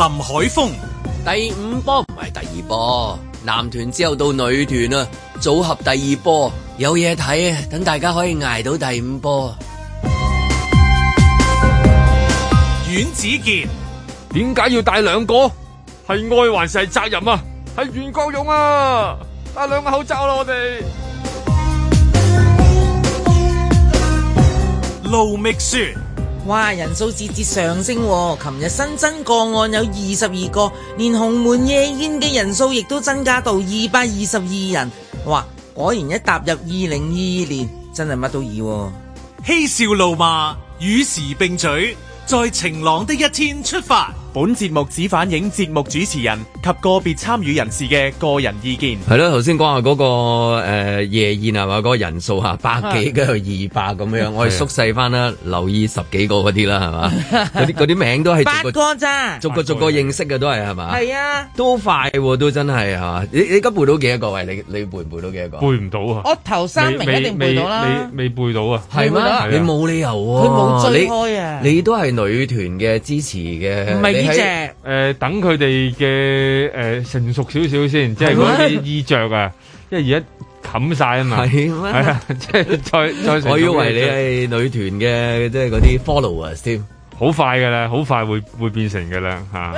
林海峰第五波唔係第二波，男團之後到女團啊，組合第二波有嘢睇啊，等大家可以捱到第五波。阮子健點解要帶兩個？係愛還是係責任啊？係袁國勇啊，帶兩個口罩咯，我哋。盧覓雪。哇！人數節節上升，啊，琴日新增個案有二十二個，連洪門夜宴嘅人數亦都增加到二百二十二人。哇！果然一踏入二零二二年，真係乜都要，啊！嬉笑怒罵，與時並舉，在晴朗的一天出發。本節目只反映節目主持人及個別參與人士嘅個人意見。係啦，頭先講下嗰個誒、呃、夜宴係、啊、嘛，嗰、嗰個、人數吓百幾跟住二百咁樣，我哋縮細翻啦，留意十幾個嗰啲啦，係嘛，嗰啲啲名都係八個咋，逐個逐個，逐個認識嘅都係係嘛，係啊，都快都真係吓、啊，你你今背到幾多個位？你你背唔背到幾多個？背唔到啊！我頭三名一定背到啦，未背到啊，係嘛、啊，你冇理由啊，佢冇追開啊你，你都係女團嘅支持嘅，唔係。衣着，誒，等佢哋嘅誒成熟少少先，即係嗰啲衣着啊，因為而家冚晒啊嘛，係啊，即係再再。我以為你係女團嘅，即係嗰啲 followers 添。好快噶啦，好快會會變成噶啦吓，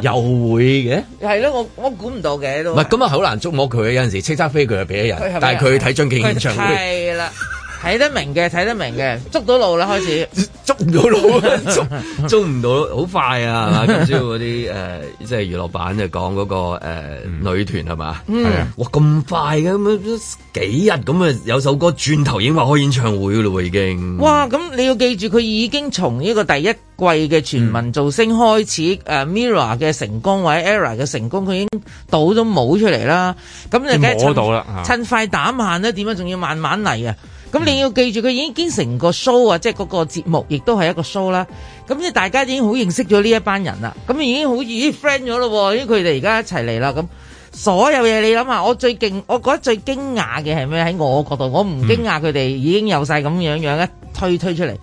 又會嘅。係咯，我我估唔到嘅都。唔係咁啊，好難捉摸佢有陣時，叱咤飛佢就俾咗人，但係佢睇張敬軒演唱會。係啦。睇得明嘅，睇得明嘅，捉到路啦，開始 捉唔到， 到路，捉捉唔到，好快啊！ 今朝嗰啲誒，即係娛樂版就講嗰、那個、呃、女團係嘛、嗯？嗯，哇咁快嘅咁幾日咁啊？有首歌轉頭已經話開演唱會啦，已經哇！咁你要記住，佢已經從呢個第一季嘅全民造星開始，MIRROR 嘅成功，或者 ERROR 嘅成功，佢已經倒咗冇出嚟啦。咁你啦趁快打慢咧，點解仲要慢慢嚟啊？咁你要記住，佢已經經成個 show 啊，即係嗰個節目，亦都係一個 show 啦。咁即係大家已經好認識咗呢一班人啦。咁已經好已經 friend 咗咯，因為佢哋而家一齊嚟啦。咁所有嘢你諗下，我最驚，我覺得最驚訝嘅係咩？喺我角度，我唔驚訝佢哋已經有晒咁樣樣一推推出嚟，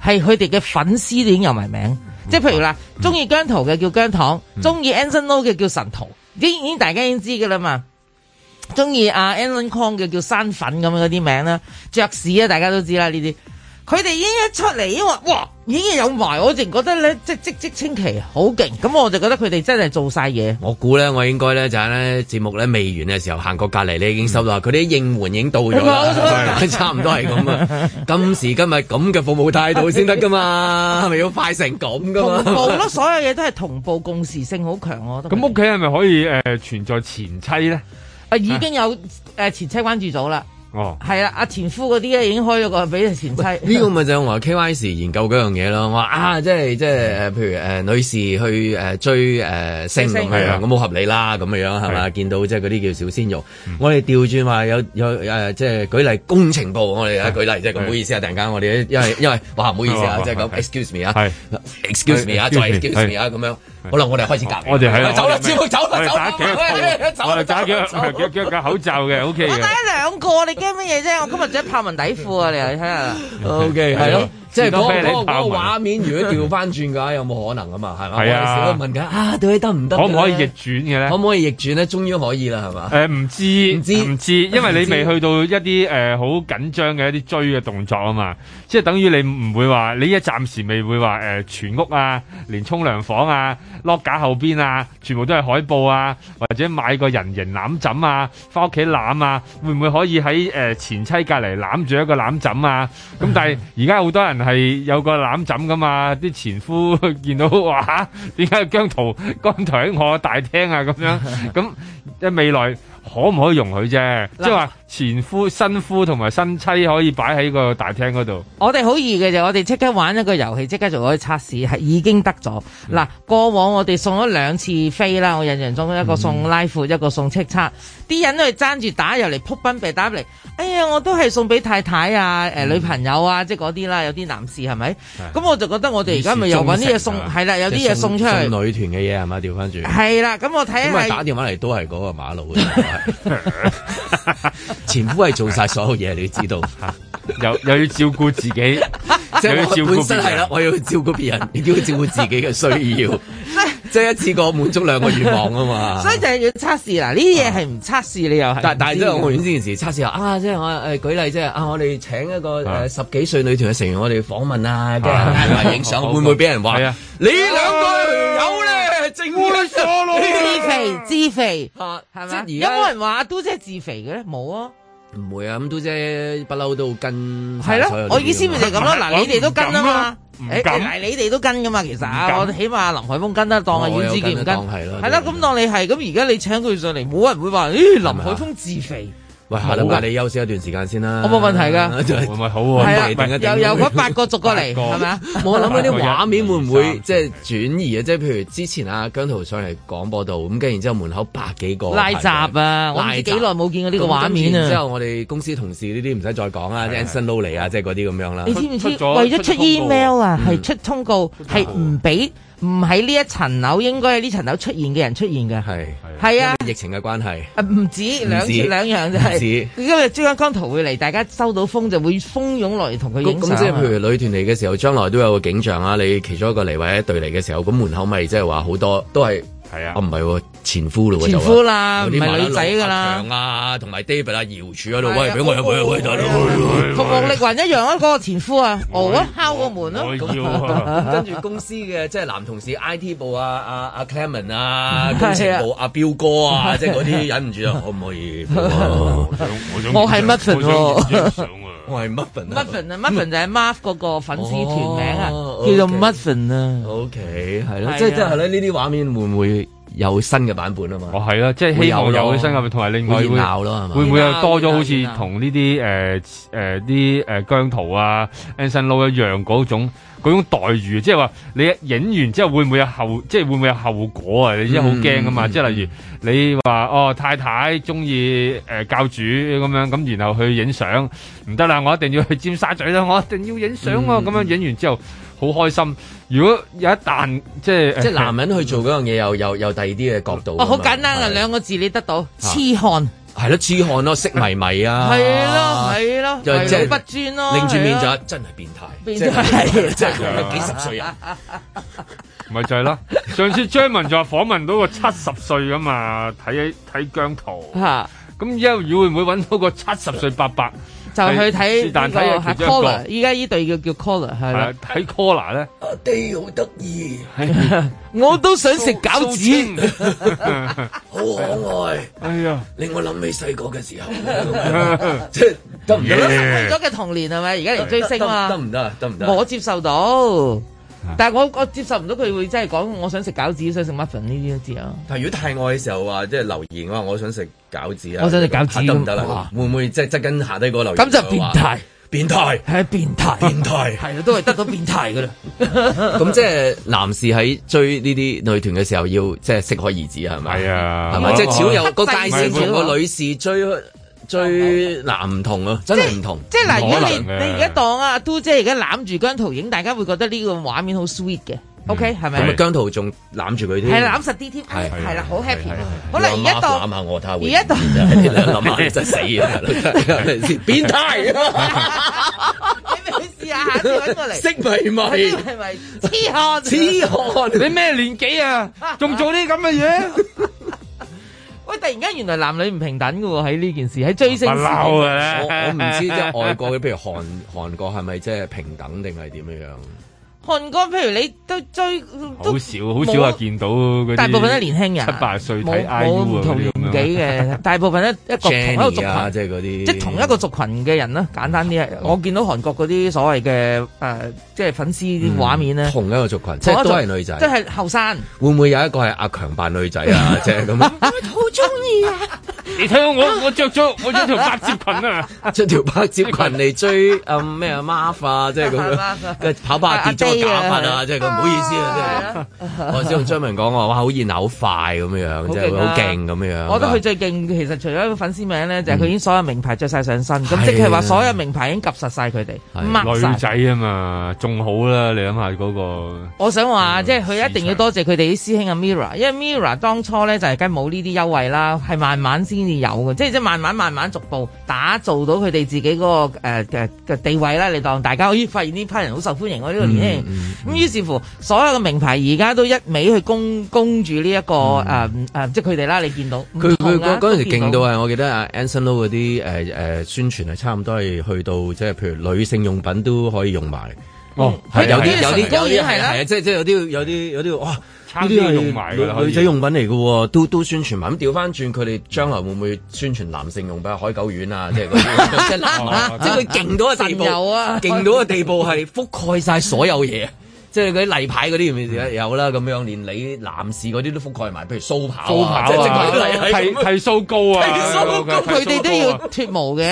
係佢哋嘅粉絲已經有埋名，嗯、即係譬如啦，中意姜濤嘅叫姜糖，中意 Anson Lo 嘅叫神徒，已經已大家已經知噶啦嘛。中意啊！Alan Kong 嘅叫山粉咁嗰啲名啦，爵士啊，大家都知啦呢啲。佢哋已經一出嚟，因為哇，已經有埋，我淨覺得咧，即即即清奇，好勁。咁我就覺得佢哋真係做晒嘢。我估咧，我應該咧就喺咧節目咧未完嘅時候行過隔離你已經收到話。佢、嗯、啲應援已經到咗啦， 差唔多係咁啊！ 今時今日咁嘅服務態度先得噶嘛，係咪 要快成咁噶嘛？好多所有嘢都係同步共時性好強，我覺得。咁屋企係咪可以、 呃、存在前妻咧？啊已經有誒前妻關注咗啦，哦係啦，阿前夫嗰啲咧已經開咗個俾前妻。呢個咪就話我 K Y 時研究嗰樣嘢咯，我話啊即係即係誒、呃、譬如誒、呃、女士去誒、呃、追誒星咁冇合理啦咁樣樣係嘛，見到即係嗰啲叫小鮮肉，我哋調轉話有有誒即係舉例工程部，我哋舉例即係唔好意思啊，突然間我哋因為因為哇唔好意思啊，即係講 excuse me 啊，excuse me 啊，再 excuse me 啊咁樣。好啦，我哋開始隔離。我哋係啦，走啦，照走啦，走。我哋戴咗，我哋戴咗，戴咗個口罩嘅 ，OK。我戴咗兩個，你驚乜嘢啫？我今日着豹紋底褲啊，你睇下。 OK，係咯。即係嗰、那個嗰、那個畫面，如果調翻轉嘅話 有冇可能啊嘛？係咪？我哋成日都問緊啊，到底得唔得？可唔可以逆轉嘅咧？可唔可以逆轉咧？終於可以啦，係嘛？誒、呃、唔知唔知、唔知，因為你未去到一啲誒好緊張嘅一啲追嘅動作啊嘛，即係等於你唔會話，你一暫時未會話誒、呃、全屋啊，連沖涼房啊、攞架後邊啊，全部都係海報啊，或者買個人形攬枕啊，翻屋企攬啊，會唔會可以喺、呃、前妻隔離攬住一個攬枕啊？咁但係而家好多人。係有個攬枕㗎嘛，啲前夫見到哇，點解姜濤姜濤喺我大廳啊咁樣？咁喺未來可唔可以容許啫？即係話。前夫、新夫同埋新妻可以擺喺個大廳嗰度。我哋好易嘅就，我哋即刻玩一個遊戲，即刻就可以測試係已經得咗。嗱，過往我哋送咗兩次飛啦，我印象中一個送拉褲，一個送叱咤。啲、嗯、人都係爭住打入嚟撲奔，被打嚟。哎呀，我都係送俾太太啊，誒、嗯、女朋友啊，即係嗰啲啦。有啲男士係咪？咁我就覺得我哋而家咪又搵啲嘢送，係啦，有啲嘢送出去。女團嘅嘢係咪？調翻轉。係啦，咁我睇。咁打電話嚟都係嗰個馬路嘅。 前夫係做晒所有嘢，你要知道吓， 啊、又又要照顧自己，又要照顧別 人，係啦，我要照顧別人， 你要照顧自己嘅需要。 即係一次過滿足兩個願望啊嘛， 所以就係要測試啦呢啲嘢係唔測試、啊、你又係。但係大隻動個園嗰陣時測試話。啊，即係我誒舉例即係啊，我哋請一個、啊啊、十幾歲女團嘅成員，我哋訪問啊，即係影相會唔會俾人話、啊啊？你兩個，有咧，正污亂咗咯。自肥自肥，係 咪、哦？有冇人話嘟姐自肥嘅咧？冇啊，唔會啊。咁嘟姐不嬲都跟、啊，係 咯。我意思咪就係咁咯。嗱、 啊，你哋都跟啊嘛。 誒，捱、欸、你哋都跟噶嘛，其實、啊、我起碼林海峰跟得當啊，袁子健唔跟，係啦，咁當你係咁，而家你請佢上嚟，冇人會話，咦、欸，林海峰自肥。係喂，我諗下，你休息一段時間先啦，我冇問題噶，唔係好喎，又又有八個逐過嚟，係咪啊？我諗嗰啲畫面會唔會即係轉移啊？即係譬如之前阿姜濤上嚟廣播道，咁跟然後之後門口百幾個拉閘啊，閘我哋幾耐冇見過呢個畫面啊。嗰個畫面之後我哋公司同事呢啲唔使再講啦 Anson Lo 嚟啊，即係嗰啲咁樣啦。你知唔知為咗出 email 啊，係出通告係唔俾？唔喺呢一層樓，應該係呢層樓出現嘅人出現嘅，係係啊，疫情嘅關係，唔、啊、止兩次止兩樣就係、是，因為珠江濤會嚟，大家收到風就會蜂擁嚟同佢影相，咁即係譬如旅團嚟嘅時候，將來都有個景象啊！你其中一個嚟或者對嚟嘅時候，咁門口咪即係話好多都係，係啊，我唔係喎。前夫咯，前夫啦，唔係女仔噶啦。啊，同埋 David 啊，姚柱喺度喂，俾我入去啊，大、哎、佬、哎哎哎哎哎哎！同王力宏一樣啊，嗰、那個前夫啊，哎哎、啊我，我，我啊敲個門咯，跟住公司嘅即係男同事 IT 部啊啊 Clement 啊，啊、嗯，工程部阿、啊啊、彪哥啊，即係嗰啲忍唔住啊， 可唔可以？ 我想，我係 Muffin，我係 Muffin 啊，Muffin 啊，Muffin 就係 Mark 嗰個粉絲團名啊，叫 做、啊、 Muffin 啊。OK，係咯，即係即係呢啲畫面會唔會？有新嘅版本啊嘛！哦，係啦，啊，即係希望有新嘅，同埋另外會會唔會有多咗好似同呢啲誒誒啲誒姜濤啊、Anson Lo 一樣嗰種嗰種待遇，即係話你影完之後會唔會有後，即、就、係、是、會唔會有後果啊、嗯？你真係好驚㗎嘛？即、嗯、係例如你話哦，太太中意誒教主咁樣，咁然後去影相，唔得啦！我一定要去尖沙咀啦，我一定要影相啊！咁、嗯、樣影完之後。嗯好開心！如果有一旦即，即男人去做嗰樣嘢，又又有第二啲嘅角度，好、哦哦、簡單啊，兩個字你得到痴漢係咯，痴漢咯，色迷迷啊，係咯係咯，目、啊就是就是、不專咯、啊，擰轉面就真係變態，變態係啊，真係幾十歲人、啊，咪 就係咯。上次張文就話訪問到個七十歲咁嘛睇睇姜濤，咁而家會會唔會揾到個七十歲伯伯？就去睇、這個，但睇阿 Collar，依家呢隊叫叫 Collar 係睇 Collar 咧，阿 Day 好得意，我都想食餃子， 好可愛，哎呀，令我諗起細個嘅時候，即係得唔得咧？咗嘅、 yeah. 童年係咪？而家嚟追星啊？得唔得啊？得唔得？我接受到。但係我我接受唔到佢會真係講，我想食餃子，想食麥粉呢啲都知啊！但係如果太愛嘅時候話，即係留言話我想食餃子啊，我想食餃子得唔得啦，會唔會即係執緊下低個留言咁就變態，變態係變態，變態係 都係得到變態噶啦。咁 即係男士喺追呢啲女團嘅時候要即係適可而止係咪？係啊，係、哎、咪即係少有、那個界線，個女士追。最難唔、okay, okay. 啊、同咯，真係唔同。即係嗱、啊，如果你你而家當啊嘟姐而家攬住姜濤影，大家會覺得呢個畫面好 sweet 嘅、嗯，OK 係咪？咁咪姜濤仲攬住佢添？係攬實啲添，係啦、啊，好 happy。好啦，而家當下，我睇下，而家度諗下，就死啊，變態啊，你咪試下，識咪識，痴漢痴漢，你咩年紀啊，仲做啲咁嘅嘢。喂，突然間原來男女唔平等嘅喎，喺呢件事，喺追星我。我我唔知即係外國嘅，譬如韓韓國係咪即係平等定係點樣樣韓 國，譬如你都追，好少好少話見到嗰啲，大部分都年輕人，七八歲睇 IU 啊嘅 大部分一一個、啊即係即係、同一個族群嘅人啦，簡單啲、嗯、我見到韓國嗰啲所謂嘅、呃、即係粉絲啲畫面咧，同一個族群，即係都係女仔，即係後生。即係、會唔會有一個係阿強扮女仔啊？即係咁樣。好中意啊！你睇我我着咗我著條百褶裙啊！着條百褶裙嚟追誒咩阿 Mark 啊，即係咁樣跑跑百咗。假髮啊！即係咁唔好意思啊！即、啊、係我先同張明講話，哇！好熱鬧，好快咁樣即係好勁咁樣。佢最勁，其實除咗一個粉絲名咧，就係、是、佢已經所有名牌着晒上身，咁、嗯、即係話所有名牌已經及實晒佢哋，女仔啊嘛，仲好啦，你諗下嗰、那個。我想話、那個、即係佢一定要多謝佢哋啲師兄阿 Mira 因為 Mira 當初咧就係梗冇呢啲優惠啦，係慢慢先至有嘅、嗯，即係即係慢慢慢慢逐步打造到佢哋自己嗰個誒嘅嘅地位啦。你當大家可以發現呢批人好受歡迎，我、嗯、呢、這個年輕人，咁、嗯、於、嗯、是乎所有嘅名牌而家都一味去供住呢、這、一個誒誒、嗯呃，即係佢哋啦，你見到佢嗰嗰陣時勁到係，我記得啊，Anson Lo 嗰啲誒宣傳係差唔多係去到即係，譬如女性用品都可以用埋。哦，係有啲有啲即係即係有啲有啲有啲哇，呢啲都用埋噶啦，女仔用品嚟噶，都都宣傳埋。咁調翻轉，佢哋將來會唔會宣傳男性用品？海狗丸啊，即係嗰啲，即係男，即係佢勁到嘅地步啊！勁到嘅地步係覆蓋晒所有嘢。即係佢啲例牌嗰啲，有啦咁樣。連你男士嗰啲都覆蓋埋，譬如蘇跑係，剃剃鬚膏啊，剃高、so，膏佢哋都要脫毛嘅，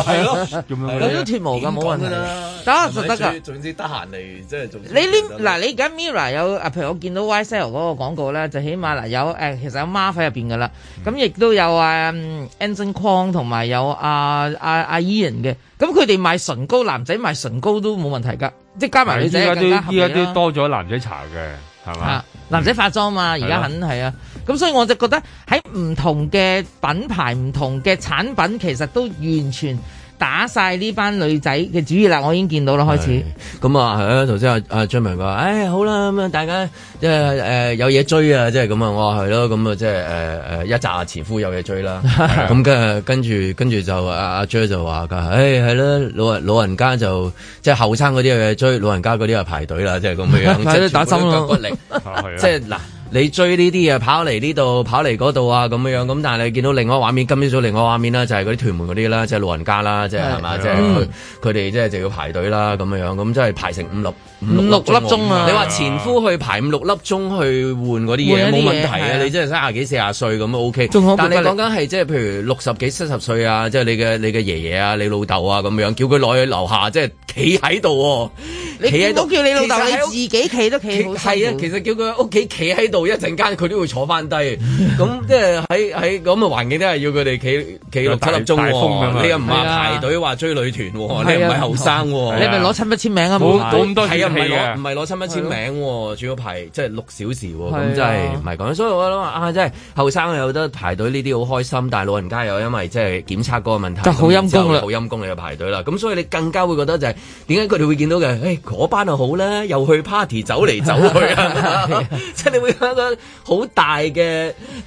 係 咯， 咁樣脫毛嘅冇問題啦。得就得噶，總之得閒嚟即係做。你呢嗱？你而家 m i r r 有啊？譬如我見到 YSL 嗰個廣告咧，就起碼嗱有誒，其實有 Mar 喺入邊噶啦。咁亦都有啊、uh, a n n k o n g 同埋有阿阿阿 E 人嘅。Uh, uh, uh, 咁佢哋賣唇膏，男仔賣唇膏都冇問題噶，即係加埋女仔，依家都依家都多咗男仔搽嘅，係嘛？啊，男仔化妝嘛，而家肯係啊，咁、啊啊、所以我就覺得喺唔同嘅品牌，唔同嘅產品，其實都完全。打晒呢班女仔嘅主意啦，我已經見到啦，開始。咁、嗯、啊，係啊，頭先阿阿張明話，唉，好啦，咁樣大家即係誒有嘢追啊，即係咁啊，我話係咯，咁啊，即係誒誒一紮前夫有嘢追啦，咁跟住跟住跟住就阿阿張就話噶，唉，係咯，老人老人家就即係後生嗰啲有嘢追，老人家嗰啲啊排隊啦、啊，即係咁嘅樣，即、嗯、係、嗯、打心咯，骨力，嗯嗯嗯啊啊、即係嗱。你追呢啲嘢跑嚟呢度跑嚟嗰度啊咁樣樣，咁，但係你見到另外一個畫面，今朝早另外一個畫面啦，就係嗰啲屯門嗰啲啦，就係老人家啦，即係係嘛，即係佢哋即係就要排隊啦咁樣樣，咁即係排成五六。五六粒鐘啊！你話前夫去排五六粒鐘去換嗰啲嘢冇問題啊！你真係三廿幾四十歲咁都 OK。但你講緊係即係譬如六十幾七十歲啊，即係你嘅你嘅爺爺啊，你老豆啊咁樣，叫佢攞去樓下即係企喺度。企都叫你老豆你自己企都企。係啊，其實叫佢屋企企喺度一陣間佢都會坐翻低。咁即係喺喺咁嘅環境都係要佢哋企企六七粒鐘。你又唔話排隊話追女團喎，你唔係後生。你咪攞親筆簽名啊！冇咁多唔係攞，唔係攞親筆簽名喎，仲要排即係、就是、六小時喎，咁真係唔係講。所以我諗啊，真係後生有得排隊呢啲好開心，但老人家又因為即係檢測嗰個問題，好陰功，啦，好陰功你又排隊啦。咁所以你更加會覺得就係點解佢哋會見到嘅？誒、哎，嗰班又好呢，又去 party 走嚟走去啊，即 係 你會一個好大嘅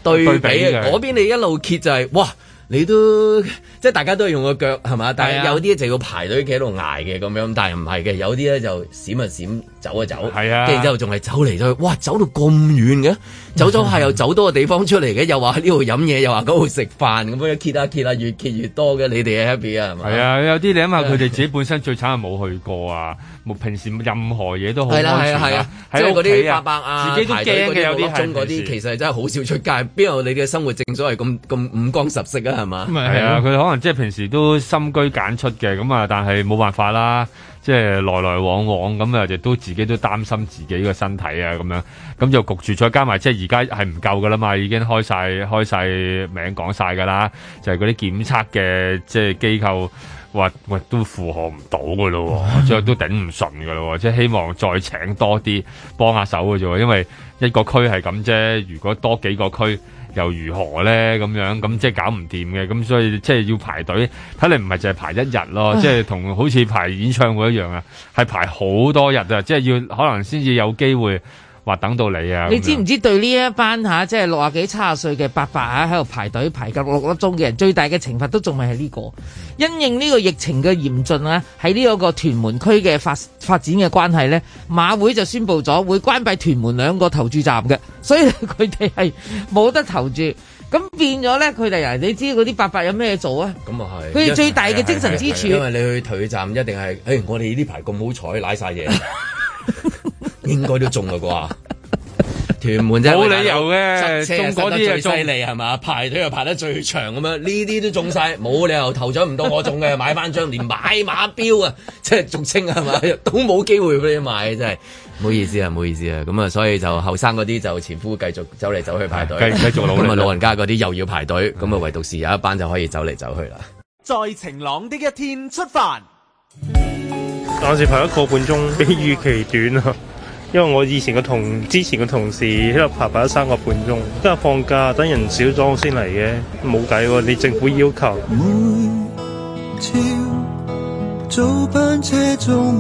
對比，嗰邊你一路揭就係、是、哇！你都即係大家都係用個腳係嘛，但係有啲就要排隊企喺度挨嘅咁樣，但係唔係嘅，有啲咧就閃啊閃。走啊走，係啊，跟住之後仲係走嚟走去，哇，走到咁遠嘅，走咗下又走多個地方出嚟嘅，又話喺呢度飲嘢，又話嗰度食飯，咁樣揭啊揭啊，越揭越多嘅，你哋 happy 啊係咪？係啊，有啲你諗下，佢哋自己本身最慘係冇去過啊，冇 平時任何嘢都好啦係啊，即係嗰啲伯伯啊，自己排隊有啲，中嗰啲其實真係好少出街，邊有你嘅生活正所謂咁咁五光十色啊，係嘛？咁啊係啊，佢、啊嗯、可能即係平時都深居簡出嘅，咁啊，但係冇辦法啦。即係來來往往咁啊，就都自己都擔心自己個身體啊，咁樣咁就焗住，再加埋即係而家係唔夠噶啦嘛，已經開晒開晒名講晒噶啦，就係嗰啲檢測嘅即係機構話喂都負荷唔到噶咯，即係都頂唔順噶咯，即係希望再請多啲幫下手噶啫，因為一個區係咁啫，如果多幾個區。又如何呢？咁樣咁即係搞唔掂嘅，咁所以即係要排隊，睇嚟唔係淨係排一日咯，即係同好似排演唱會一樣啊，係排好多日啊，即係要可能先至有機會。話等到你啊！你知唔知對呢一班吓，即係六十幾七十歲嘅伯伯喺喺度排隊排夠六粒鐘嘅人，最大嘅懲罰都仲未係呢個。因應呢個疫情嘅嚴峻啊，喺呢個屯門區嘅發發展嘅關係咧，馬會就宣布咗會關閉屯門兩個投注站嘅，所以佢哋係冇得投注。咁變咗咧，佢哋啊，你知嗰啲伯伯有咩做啊？咁啊係。佢哋最大嘅精神支柱，是是是是是因為你去投注站一定係，誒、哎，我哋呢排咁好彩，瀨晒嘢。 應該都中嘅啩， 屯門真係，冇理由嘅。中國啲最犀利係嘛，排隊又排得最長咁樣，呢 啲都中晒，冇理由頭獎唔到我中嘅， 買翻張連買馬標啊，即係俗稱係嘛，都冇機會俾你買，真係唔好意思啊，唔好意思啊，咁啊，所以就後生嗰啲就前夫繼續走嚟走去排隊，繼續老咁啊，老人家嗰啲又要排隊，咁啊，唯獨是有一班就可以走嚟走去啦。在晴朗啲一,一天出發，暫 時排一個半鐘，比預期短啊。 因為我以前個同之前個同事喺度爬爬咗三個半鐘，今日放假等人少咗先嚟嘅，冇計喎。你政府要求，每朝早班車種，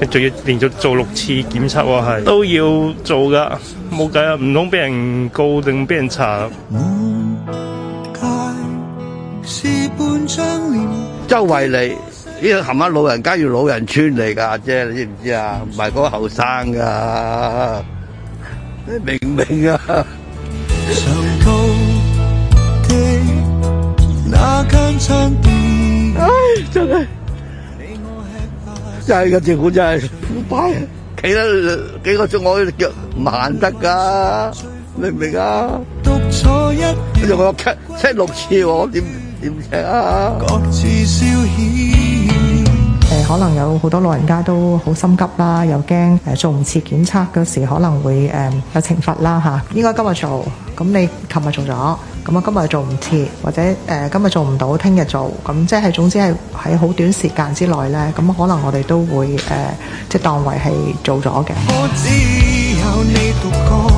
佢仲要連續做六次檢測喎，係都要做㗎，冇計啊，唔通俾人告定俾人查？周圍嚟。呢個含翻老人家要老人村嚟㗎，姐你知唔知啊？唔係嗰個後生噶，明唔明啊？上高啲那間餐廳，真係真係，真係個政府真係腐敗，企得幾個鐘我腳唔行得㗎，明唔明啊？讀錯一七七六次，我點點踢啊？各自消遣。誒、呃，可能有好多老人家都好心急啦，又驚誒、呃、做唔切檢測嗰時候可能會誒、呃、有懲罰啦吓，應該今日做，咁你琴日做咗，咁啊今日做唔切，或者誒、呃、今日做唔到，聽日做，咁即係總之係喺好短時間之內咧，咁可能我哋都會誒、呃、即係當為係做咗嘅。我只有你讀過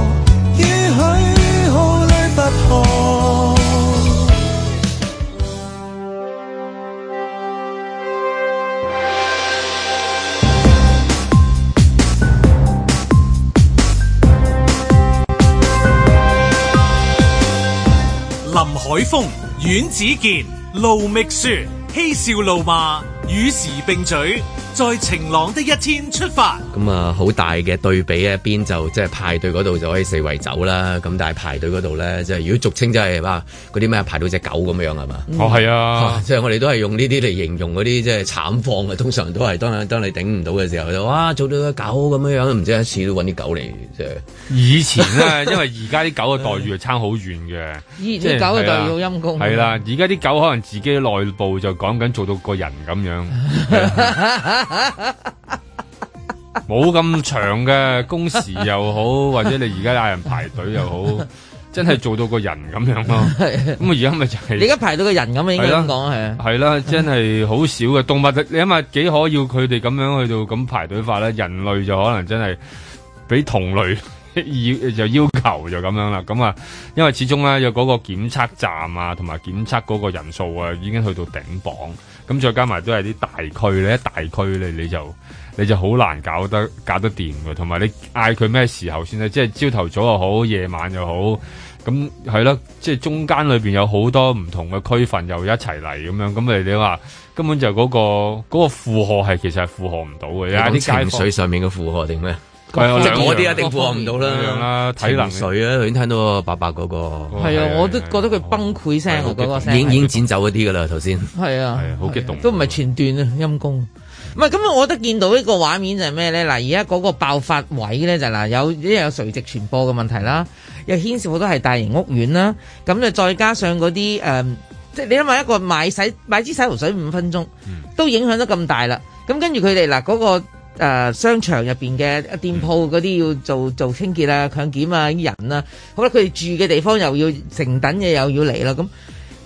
海峰、阮子健、盧覓雪，嬉笑怒罵，與時並嘴。在晴朗的一天出發。咁啊，好大嘅對比，一邊就即係、就是、排隊嗰度就可以四圍走啦。咁但係排隊嗰度咧，即、就、係、是、如果俗稱即係話，嗰啲咩排到隻狗咁樣係嘛、嗯？哦，係啊，即、啊、係、就是、我哋都係用呢啲嚟形容嗰啲即係慘況嘅。通常都係當，當你你頂唔到嘅時候就哇，做到個狗咁樣樣，唔知一次都揾啲狗嚟即係。以前咧， 因為而家啲狗嘅待遇係差好遠嘅，以前狗嘅待遇好陰公。係啦、啊，而家啲狗可能自己內部就講緊做到個人咁樣。 冇 咁長嘅工時又好，或者你而家嗌人排隊又好，真係做到個人咁樣咯。咁 啊、就是，而家咪就係你而家排到個人咁樣，應該咁講係。係啦、啊啊啊啊，真係好少嘅 動物，你諗下幾可要佢哋咁樣去到咁排隊法咧？人類就可能真係俾同類要就要求就咁樣啦。咁啊，因為始終咧有嗰個檢測站啊，同埋檢測嗰個人數啊，已經去到頂榜。咁再加埋都係啲大區咧，一大區咧你就你就好難搞得搞得掂嘅，同埋你嗌佢咩時候先咧？即係朝頭早又好，夜晚又好，咁係咯，即係中間裏面有好多唔同嘅區份又一齊嚟咁樣，咁你你話根本就嗰個嗰個負荷係其實係負荷唔到嘅，啲情緒上面嘅負荷定咩？啊，即係我啲一定放唔到啦，睇 能水啊，已經聽到伯伯嗰個。係啊， 我都覺得佢崩潰聲個聲。已經已經剪走一啲噶啦，頭先。係啊，係啊，好激動。係都唔係全段啊，陰功。唔係，咁我覺得見到呢個畫面就係咩咧？嗱、嗯，而家嗰個爆發位咧就嗱，有因為有垂直傳播嘅問題啦，又牽涉好多係大型屋苑啦。咁就再加上嗰啲誒，即係你諗下一個買洗買支洗頭水五分鐘，都影響得咁大啦。咁跟住佢哋嗱嗰個。誒、啊、商場入面嘅店鋪嗰啲要做做清潔啊、強檢啊啲人啊。好啦，佢哋住嘅地方又要成等嘢又要嚟啦咁，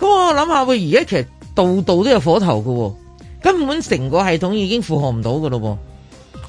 咁我諗下，喂，而家其實度度都有火頭㗎喎、啊，根本成個系統已經負荷唔到㗎咯喎。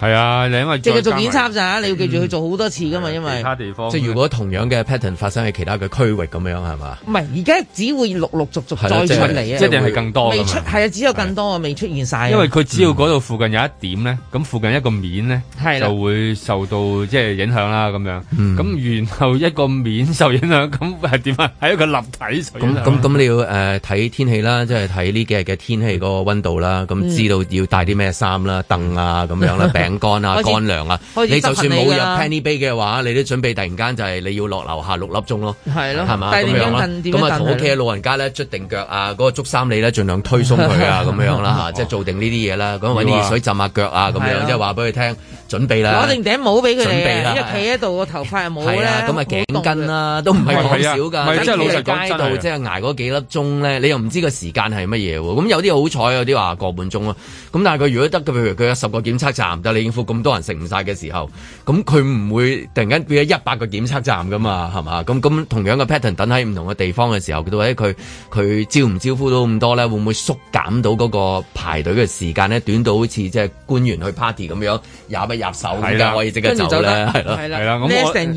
係啊，你因為淨係做檢測咋，你要記住去做好多次噶嘛，因為其他地方即係如果同樣嘅 pattern 發生喺其他嘅區域咁樣係嘛？唔係，而家只會陸陸續續再出嚟啊！一定係更多未出，係啊，只有更多啊，未出現晒。因為佢只要嗰度附近有一點咧，咁、啊、附近一個面咧、啊、就會受到即係、就是、影響啦。咁樣，咁、嗯、然後一個面受影響，咁係點啊？喺一個立體水。咁咁咁你要誒睇、呃、天氣啦，即係睇呢幾日嘅天氣嗰個溫度啦，咁知道要帶啲咩衫啦、凳、嗯、啊咁樣啦、 乾啊，乾涼啊，啊你就算冇入 Penny Bay 嘅話，你都準備突然間就係你要落樓下六粒鐘咯，係咯，係嘛，咁、OK、啊，屋企嘅老人家咧捽定腳啊，嗰、那個足三里咧盡量推鬆佢啊，咁 這樣啦吓、 啊，即係做定呢啲嘢啦，咁搵啲熱水浸下腳啊，咁樣即係話俾佢聽。準備啦，攞定頂帽俾佢哋。準備啦，企喺度個頭髮又冇咧，咁啊頸巾啦，都唔係咁少㗎。即係老實講，即係挨嗰幾粒鐘咧，你又唔知個時間係乜嘢喎？咁有啲好彩，有啲話個半鐘咯。咁但係佢如果得，譬如佢有十個檢測站，但你應付咁多人食唔晒嘅時候，咁佢唔會突然間變咗一百個檢測站㗎嘛？係嘛？咁咁同樣嘅 pattern 等喺唔同嘅地方嘅時候，到底佢佢招唔招呼到咁多咧？會唔會縮減到嗰個排隊嘅時間咧？短到好似即係官員去 party 咁樣，也入手係啦，可以即刻走啦，係咯，係啦，咁我即係諗，因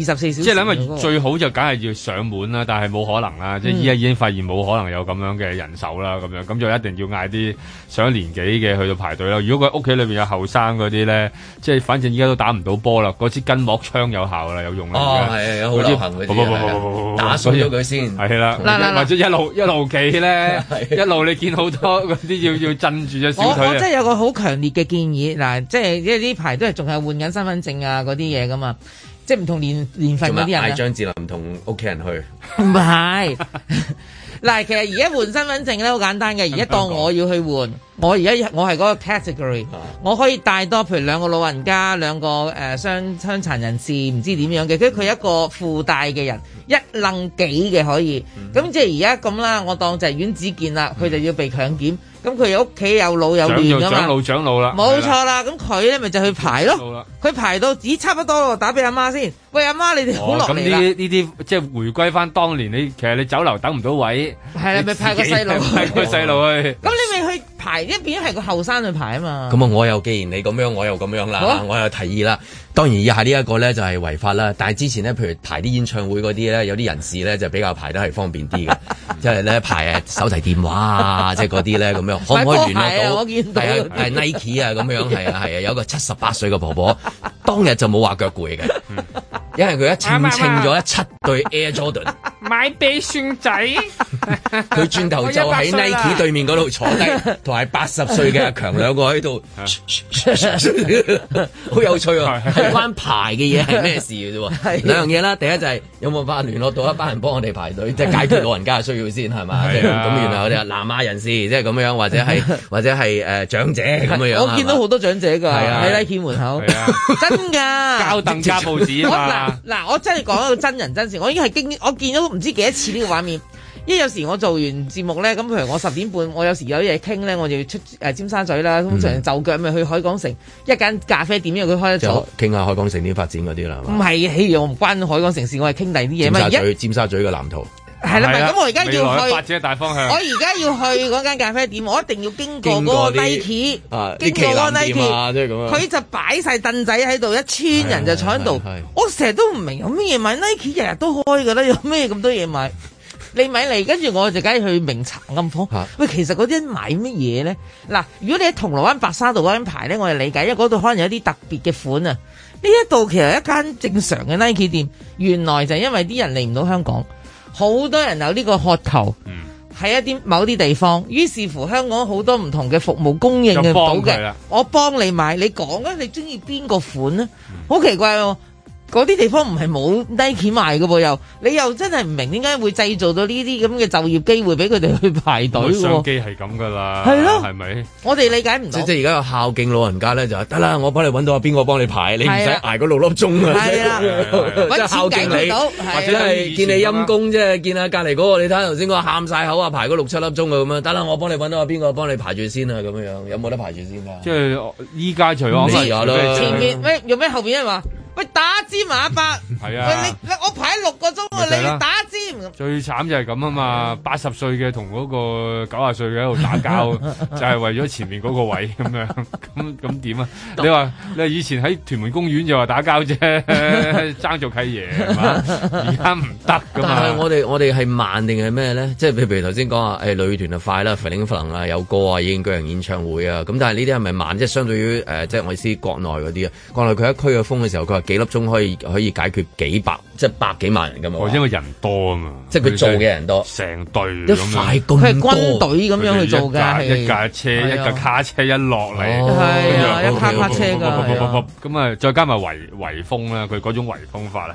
為、就是、最好就梗係要上門啦，但係冇可能啦、嗯，即係依家已經發現冇可能有咁樣嘅人手啦，咁樣咁就一定要嗌啲上年紀嘅去到排隊啦。如果佢屋企裏面有後生嗰啲咧，即、就、係、是、反正依家都打唔到波啦，嗰支筋膜槍有效啦，有用啦。哦，流好流朋友打衰咗佢先，係啦，或者一路一路企咧， 一路你見好多嗰啲要 要鎮住隻小腿啊。我我真係有個好強烈嘅建議，嗱，即係因為呢排都係仲啊，換緊身份證啊，嗰啲嘢噶嘛，即係唔同年年份嗰啲人。點解張智霖同屋企人去？唔 係不是，嗱， 其實而家換身份證咧，好簡單嘅。而家當我要去換， 我而家我係嗰個 category， 我可以帶多譬如兩個老人家、兩個誒傷傷殘人士，唔知點樣嘅。所以佢一個附帶嘅人， 一楞幾嘅可以。咁 即係而家咁啦，我當就係袁子健啦，佢就要被強檢。 咁佢又屋企有老有少噶長又老長老，長老，長老錯啦，冇錯啦。咁佢咧咪就去排咯。佢排到咦，差不多咯。打俾阿媽先。喂阿媽，你哋好落嚟。咁呢呢啲即係回歸翻當年，你其實你酒樓等唔到位，係咪派個細路？派個細路去。咁你咪去。哦 排，一變咗係個後生去排啊嘛！咁啊，我又既然你咁樣，我又咁樣啦， 我又提議啦。當然以下呢一個咧就係、是、違法啦。但係之前咧，譬如排啲演唱會嗰啲咧，有啲人士咧就比較排得係方便啲嘅，即係咧排手提電話，即係嗰啲咧咁樣，可唔可以聯絡到？係啊 Nike 啊咁樣係啊係啊，啊，啊，啊，有一個七十八歲嘅婆婆， 當日就冇話腳攰嘅。 嗯因為佢一清清咗一七對 Air Jordan，買俾孫仔。佢、啊、轉、啊啊、頭就喺 Nike、啊、對面嗰度坐低，同埋八十歲嘅阿強兩個喺度，好 有趣喎、啊。係關排嘅嘢係咩事嘅、啊、啫？兩樣嘢啦，第一就係有冇辦法聯絡到一班人幫我哋排隊，即、就、係、是、解決老人家嘅需要先，係嘛？咁、啊就是嗯、原來我哋南亞人士，即係咁樣，或者係或者係誒、呃、長者咁樣。我見到好多長者噶喺 Nike 門口，真噶教凳教報紙。嗱， 我真係講一個真人真事，我已經係經，我見到唔知幾多次呢個畫面，因為有時我做完節目咧，咁譬如我十點半，我有時有嘢傾咧，我就要出誒尖沙咀啦，通常就腳咪去海港城一間咖啡店，因為佢開得早，就傾下海港城點發展嗰啲啦，唔係，譬如我唔關海港城事，我係傾第二啲嘢。尖沙咀，尖沙咀嘅藍圖。係啦，咁我而家要去，大方向我而家要去嗰間咖啡店，我一定要經過嗰個 Nike， 經過嗰、啊、Nike 即係咁，佢就擺晒凳仔喺度，一村人就坐喺度。我成日都唔明有咩嘢買 Nike，日日都開，㗎啦，有咩咁多嘢買 你咪嚟，跟住我就梗係去明查暗訪。喂，其實嗰啲買乜嘢咧？嗱，如果你喺銅鑼灣白沙道嗰間排咧，我就理解，因為嗰度可能有啲特別嘅款啊。呢一度其實一間正常嘅 Nike 店，原來就因為啲人嚟唔到香港。好多人有呢個渴求，喺一啲某啲地方，於是乎香港好多唔同嘅服務供應嘅到嘅，我幫你買，你講啊，你中意邊個款呢？好、嗯、奇怪喎！嗰啲地方唔係冇 Nike 賣噃，又你又真係唔明點解會製造到呢啲咁嘅就業機會俾佢哋去排隊嘅喎？機係咁嘅啦，係咯、啊，係咪？我哋理解唔到。即即而家有孝敬老人家咧，就話得啦，我幫你揾到阿邊個幫你排，你唔使挨嗰六粒鐘啊！係啊，啊，啊，啊，即係孝敬你，或者係見你陰公、啊，即係見啊隔離嗰個，你睇頭先個喊晒口啊，排嗰六七粒鐘咁樣，得啦，我幫你揾到阿邊個幫你排住先，先啊，咁樣有冇得排住先㗎？即係依家除咗，前面咩用咩後邊係嘛？喂，打尖啊，阿伯，係啊，你我排六個鐘啊、就是，你打尖，最慘就係咁啊嘛，八十歲嘅同嗰個九十歲喺度打交， 就係為咗前面嗰個位咁樣，咁咁點啊？你話你話以前喺屯門公園就話打交啫， 爭做契乾爺，而家唔得。但係我哋我哋係慢定係咩咧？即係譬如頭先講話，誒、呃，女團就快啦 f a l i n g from 啊，有歌啊，已經舉行演唱會啊，咁但係呢啲係咪慢？即係相對於誒、呃，即係我意思國內嗰啲啊，國內佢一吹嘅風嘅時候佢。幾粒鐘可以可以解決幾百即係、就是、百幾萬人噶嘛？哦，因為人多啊嘛，即係佢做嘅人多成堆咁佢係軍隊咁樣去做嘅，一架車、啊、一架卡車一落嚟，係咁樣一卡卡車噶。咁啊，okay、再加埋圍圍封啦，佢嗰、啊、種圍封法係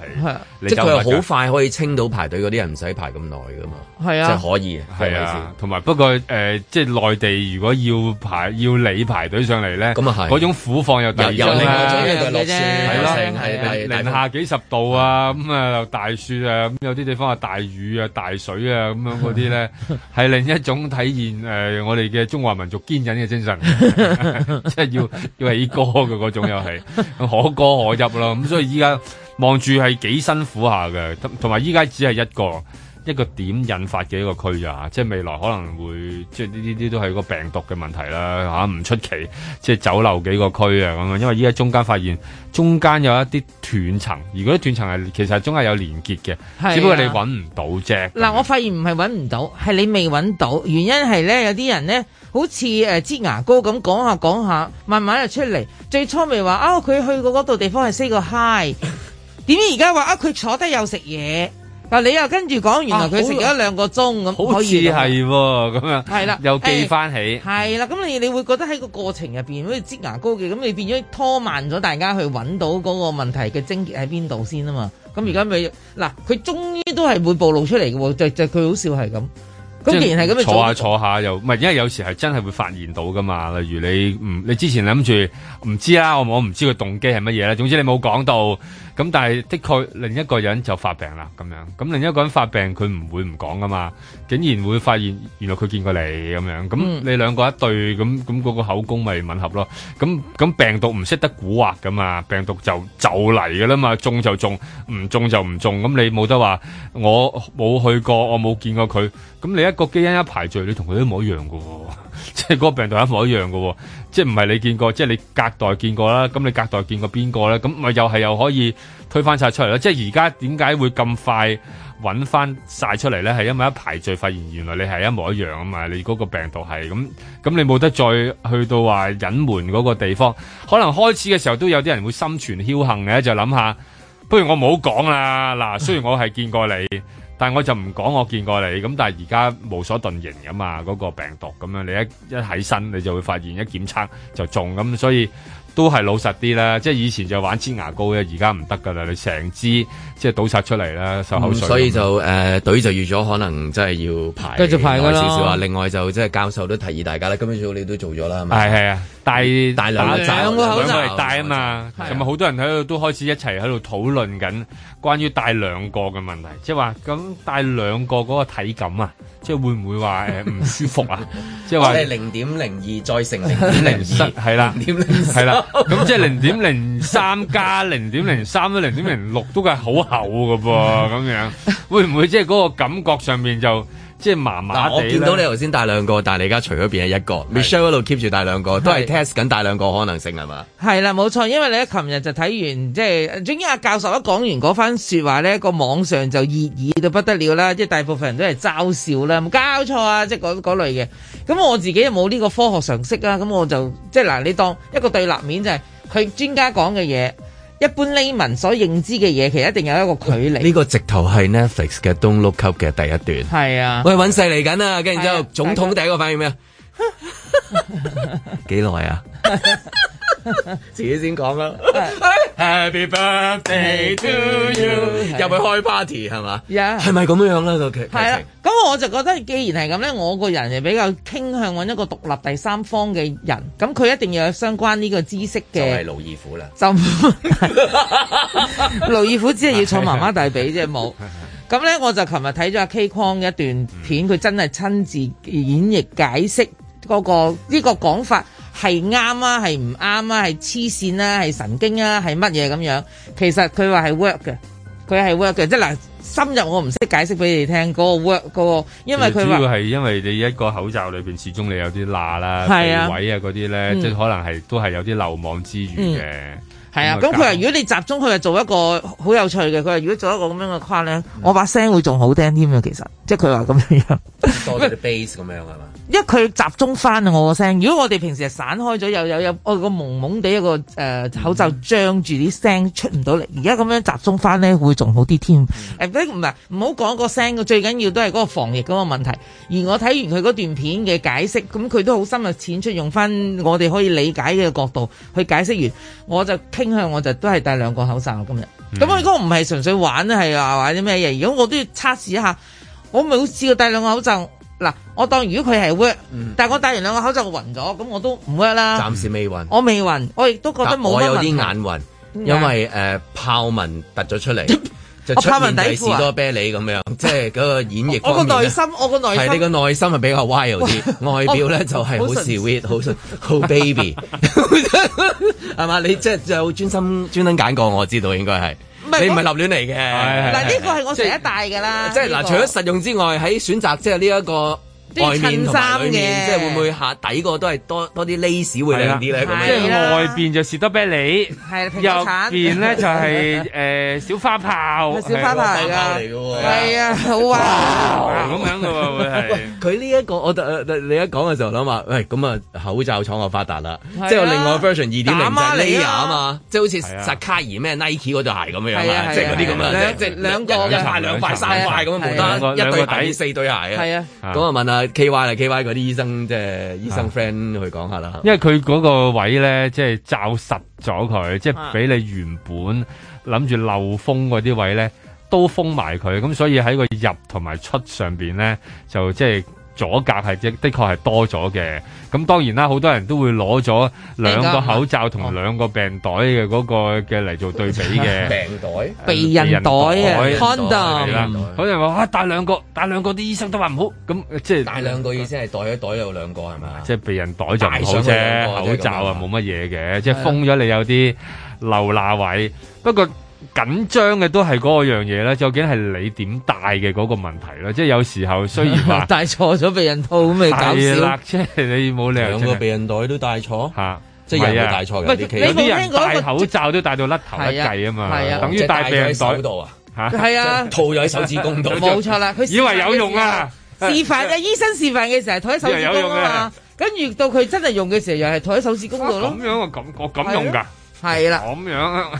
即係佢好快可以清到排隊嗰啲人，唔使排咁耐噶嘛。係啊，即、就、係、是、可以係啊。同埋不，不過誒、呃，即係內地如果要排要你排隊上嚟咧，咁啊係嗰種苦況又第二啦。係零下幾十度啊，咁啊、嗯、大雪啊，咁有啲地方啊大雨啊、大水啊，咁樣嗰啲咧，係另一種體現誒、呃，我哋嘅中華民族堅韌嘅精神，即 係 要要起歌嘅嗰種又係可歌可泣啦，咁所以依家望住係幾辛苦下嘅，同同埋依家只係一個。一個點引發嘅一個區啊，即係未來可能會即係呢啲啲都係個病毒嘅問題啦，吓，唔出奇，即係走漏幾個區啊咁樣，因為依家中間發現中間有一啲斷層，如果啲斷層係其實係中間有連結嘅、啊，只不過你搵唔到啫。嗱，我發現唔係搵唔到，係你未搵到，原因係咧，有啲人咧好似誒擠牙膏咁，講下講下，慢慢就出嚟。最初咪話啊佢去過嗰度地方係 say 個 hi，點解而家話啊佢坐低又食嘢？嗱，你又跟住講，原來佢食咗兩個鐘咁，啊，好似係喎咁樣，係啦，又記翻起，係啦，咁你你會覺得喺個過程入面，好似擠牙膏嘅，咁你變咗拖慢咗大家去揾到嗰個問題嘅症結喺邊度先啊嘛？咁而家咪嗱，佢終於都係會暴露出嚟嘅喎，就就佢好笑係咁，咁既然係咁，坐下坐下又唔係，因為有時係真係會發現到噶嘛。例如你唔，你之前諗住唔知啦，我我唔知佢動機係乜嘢啦。總之你冇講到。咁但係，的確另一個人就發病啦，咁樣。咁另一個人發病，佢唔會唔講噶嘛。竟然會發現，原來佢見過你咁樣。咁你兩個一對，咁咁嗰個口供咪吻合咯。咁咁病毒唔識得古惑噶嘛，病毒就就嚟噶啦嘛，中就中，唔中就唔中。咁你冇得話，我冇去過，我冇見過佢。咁你一個基因一排序，你同佢一模一樣㗎喎，即係嗰個病毒一模一樣㗎喎、哦 哦，即係唔係你見過，即係你隔代見過啦。咁你隔代見過邊個咧？咁咪又係又可以推翻晒出嚟咯。即係而家點解會咁快揾翻晒出嚟咧？係因為一排序發現，原來你係一模一樣啊嘛。你嗰個病毒係咁，咁你冇得再去到話隱瞞嗰個地方。可能開始嘅時候都有啲人會心存僥倖嘅，就諗下，不如我唔好講啦。嗱，雖然我係見過你。 但係我就唔講我見過你咁，但係而家無所遁形咁嘛，嗰、那個病毒咁樣，你一一起身你就會發現一檢測就中咁，所以都係老實啲啦。即係以前就玩支牙膏嘅而家唔得噶啦，你成支。即係倒擦出嚟啦，受口水、嗯。所以就誒、呃、隊就預咗，可能真係要排，排，跟住排嘅啦。另外就即係教授都提議大家啦，今日上你都做咗啦，係咪？係係啊，帶帶兩個口罩嚟戴啊嘛。係咪好多人喺度都開始一齊喺度討論緊關於帶兩個嘅問題？即係話咁帶兩個嗰個體感啊，即係會唔會話誒唔舒服啊？即係話零點零二再乘零點零三係啦，零點零三係啦。咁即係零點零三加零點零三零點零六都係好啊。好㗎噃咁樣，會唔會即係嗰個感覺上面就即係麻麻？我見到你頭先戴兩個，但係你而家除咗變係一個，Michelle 嗰度 keep 住戴兩個，都係 test 緊戴兩個可能性係嘛？係啦，冇錯，因為你喺琴日就睇完，即係總之阿教授一講完嗰番說話咧，個網上就熱議到不得了啦，即係大部分人都係嘲笑啦，冇交錯啊，即係嗰嗰類嘅。咁我自己又冇呢個科學常識啊，咁我就即係嗱，你當一個對立面就係佢專家講嘅嘢。一般黎民所認知嘅嘢，其實一定有一個距離。呢、這個直頭係 Netflix 嘅 Don't Look Up 嘅第一段。係啊，喂，隕石嚟緊啊，跟住之後總統第一個反應咩啊？幾耐 久啊？ 自己先講啦，Happy birthday to you! 入去開 party 係嘛，係咪咁樣樣、啊、咧？到期係啦，咁我就覺得既然係咁咧，我個人又比較傾向揾一個獨立第三方嘅人，咁佢一定要有相關呢個知識嘅，就係勞爾虎啦，就勞爾虎只係要坐媽媽大髀啫，冇。 咁咧，我就琴日睇咗阿 K 框嘅一段片，佢、嗯、真係親自演繹解釋嗰、嗰個呢、呢個講法。係啱啊，係唔啱啊，係黐線啊，係神經啊，係乜嘢咁樣？其實佢話係 work 嘅，佢係 work 嘅，即、就、嗱、係、深入我唔識解釋俾你聽嗰、那個 work 嗰、那個，因為佢主要係因為你一個口罩裏面始終你有啲罅啦、位啊嗰啲咧，即可能係都係有啲漏網之魚嘅。嗯係啊，咁佢話如果你集中，佢係做一個好有趣嘅。佢話如果做一個咁樣嘅框咧、嗯，我把聲會仲好聽添啊。其實，即係佢話咁樣樣，多 因為啲 base 咁樣係嘛。因為佢集中翻我個聲。如果我哋平時散開咗，又有有我個蒙蒙地一個誒、呃、口罩張住啲聲出唔到嚟。而家咁樣集中翻咧，會仲好啲添。誒、哎，唔係唔好講個聲。最緊要都係嗰個防疫嗰個問題。而我睇完佢嗰段片嘅解釋，咁佢都好深入淺出，用翻我哋可以理解嘅角度去解釋完，我就。傾向我就都係戴兩個口罩。今日咁我如果唔係純粹玩係啊，話玩啲咩嘢？如果我都要測試一下，我冇試過戴兩個口罩。嗱，我當如果佢係 work、嗯、但係我戴完兩個口罩我暈咗，咁我都唔 work 啦。暫時未暈，我未暈，我亦都覺得冇我有啲眼暈，因為誒豹紋凸咗出嚟。 就出面係士多啤梨咁樣，啊、即係嗰個演繹方面我個內心，我個內心係你個內心係比較 wild 啲，外表咧就係、是、好 sweet，好純，好 baby，係 嘛？ 你即係有專心專登揀過，我知道應該係。你唔係立亂嚟嘅。嗱呢、哎、個係我成一大噶啦。即係嗱、呃，除咗實用之外，喺選擇即係呢一個。外邊同面，衫，即係會唔會下底個都係多多啲 lace 會靚啲咧？即係、啊、外邊就士多啤梨，係右邊咧就係、是、誒、啊呃、小花炮，小、啊、花炮嚟嘅喎，係啊，哇咁、啊啊、樣嘅喎，佢，佢呢一個，我誒、呃、你一講嘅時候諗話，喂咁啊口罩廠又發達啦、啊，即係另外個 version 二點零啊嘛，即係好似 Sacai 咩 Nike 嗰對鞋咁樣樣啊，即係嗰啲咁啊，即係兩個一塊兩塊三塊咁樣，唔得一對抵四對鞋嘅，係啊，咁啊問下。K Y 啦，K Y 嗰啲醫生即係醫生 friend 去講下啦。因為佢嗰個位咧，即係罩實咗佢，即係俾你原本諗住漏風嗰啲位咧都封埋佢，咁所以喺個入同埋出上邊咧就即係。阻隔係只的確係多咗嘅，咁當然啦，好多人都會攞咗兩個口罩同兩個病袋嘅嗰個嘅嚟做對比嘅。病袋、啊、避孕袋啊，Condom。好多人話哇，戴兩個，戴兩個啲醫生都話唔好。咁即係戴兩個意思係袋一袋有兩個係嘛？即係避孕袋就唔好啫，口罩啊冇乜嘢嘅，即係封咗你有啲漏罅位。不過。緊張嘅都係嗰個樣嘢啦，究竟係你點戴嘅嗰個問題咯？即係有時候雖然話戴錯咗避孕套咁咪搞笑，係啦，啊，即係你冇理由兩個避孕袋都戴錯吓，啊，即係有冇戴錯？啊？有啲人，人戴口罩都戴到甩頭一計啊嘛，啊啊啊等於戴避孕袋度啊，吓係啊，套咗喺手指公度，冇錯啦，以為有用啊？示範嘅，啊，醫生示範嘅時候套喺手指公啊嘛，跟住到佢真係用嘅時候又係套喺手指公度咯，咁，啊、樣嘅感覺咁用噶？係啦，咁樣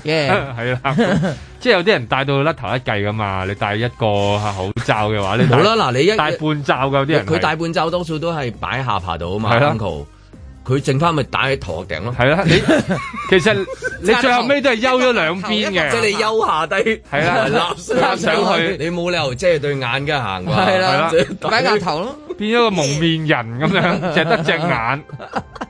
嘅係啦，yeah. 對了 即係有啲人戴到甩頭一計噶嘛，你戴一個口罩嘅話，你好啦，嗱你一戴半罩噶啲，佢戴半罩多數都係擺下巴度啊嘛，uncle，佢、嗯、剩翻咪戴喺頭頂咯，係啦，你 其實你最後尾都係休咗兩邊嘅，即係你休下低，係 啦，立上，上去，你冇理由遮對眼嘅行過，係啦，擺額頭咯，變咗個蒙面人咁樣， 只得隻眼。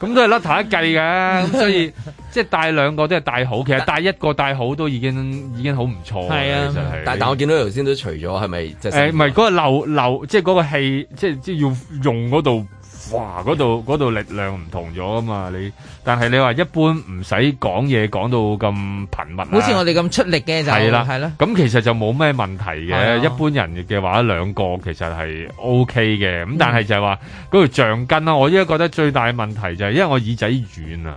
咁都係甩頭一計㗎，咁所以即係帶兩個都係帶好，其實帶一個帶好都已經已經好唔錯。係啊，但係我見到頭先都除咗係咪？誒，唔係嗰個漏漏，即係嗰個氣，即係即係要用嗰度，哇！嗰度嗰度力量唔同咗啊嘛，你。但係你話一般唔使講嘢講到咁頻密、啊，好似我哋咁出力嘅就係啦，係咯。咁其實就冇咩問題嘅。一般人嘅話兩個其實係 O K 嘅。咁但係就係話嗰條橡筋啊，我依家覺得最大問題就係、是、因為我耳仔軟啊，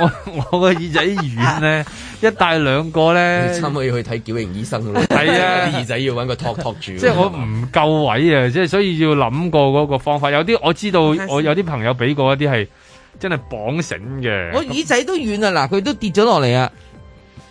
我我 個耳仔軟咧，一戴兩個咧，差唔多要去睇矯形醫生咯。係啊， 耳仔要搵個托托住。即、就、係、是、我唔夠位啊，即係所以要諗過嗰個方法。有啲我知道，我有啲朋友俾過一啲係。真係綁繩嘅，我耳仔都軟啊！嗱，佢都跌咗落嚟啊！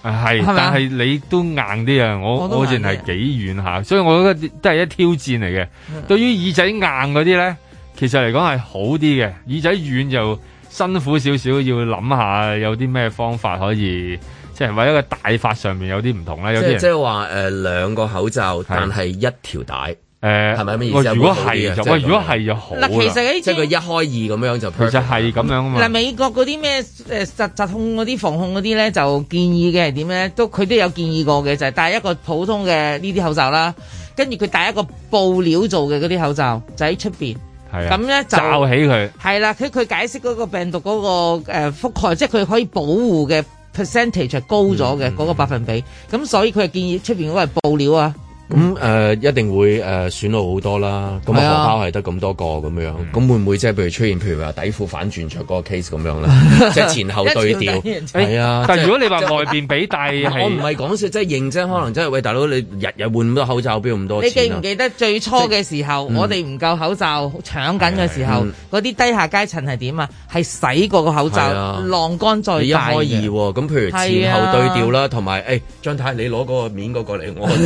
係，係，但係你都硬啲啊！我我之前係幾軟下，啊，所以我覺得都係一挑戰嚟嘅，嗯。對於耳仔硬嗰啲咧，其實嚟講係好啲嘅。耳仔軟就辛苦少少，要諗下有啲咩方法可以，即係為一個戴法上面有啲唔同咧。有啲人即係話誒兩個口罩，但係一條帶。誒、呃，係咪咩意思？哇、嗯，如果係咁，哇，如果係就好，其實即係佢一開二咁樣就。其實係咁樣啊嘛。嗱，美國嗰啲咩誒疾疾控嗰啲防控嗰啲咧，就建議嘅係點咧？都佢都有建議過嘅，就係、是、戴一個普通嘅呢啲口罩啦。跟住佢戴一個布料做嘅嗰啲口罩，就喺出邊。係啊。咁咧就罩起佢。係啦，佢佢解釋嗰個病毒嗰、那個誒、呃、覆蓋，即係佢可以保護嘅 percentage 就高咗嘅嗰個百分比。咁、嗯嗯、所以佢係建議出邊嗰個係布料啊。咁、嗯、誒、呃、一定會誒損耗好多啦。咁啊，荷包係得咁多個咁樣，咁會唔會即係譬如出現譬如話底褲反轉着嗰個 case 咁樣咧？ 即前後對調，係 啊。但係如果你話外邊俾戴， 我唔係講笑，即係認真，可能真、就、係、是、喂大佬，你日日換咁多口罩，邊度咁多錢啊？你記唔記得最初嘅時候，我哋唔夠口罩搶緊嘅時候，嗰、嗯、啲低下階層係點啊？係洗過個口罩晾乾再戴。你一開二喎、哦，咁譬如前後對調啦，同埋誒張太，你攞個面嗰個嚟我。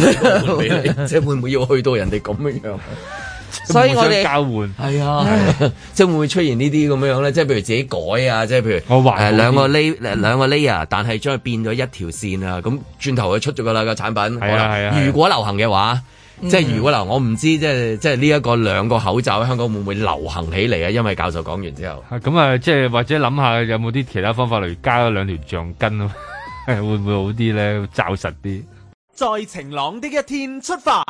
即 係會唔會要去到人哋咁樣樣？所以我哋交換係啊，即係、啊啊啊、會唔會出現呢啲咁樣樣咧？即係譬如自己改啊，即係譬如我話兩個 lay 兩個 layer，但係將佢變咗一條線啊，咁轉頭就出咗噶啦個產品。係啊係啊，如果流行嘅話，即係、啊、如果嗱、嗯，我唔知即係即係呢一個兩個口罩香港會唔會流行起嚟啊？因為教授講完之後，咁啊，即係或者諗下有冇啲其他方法嚟加咗兩條橡筋，會唔會好啲咧？罩實啲。在晴朗的一天出發。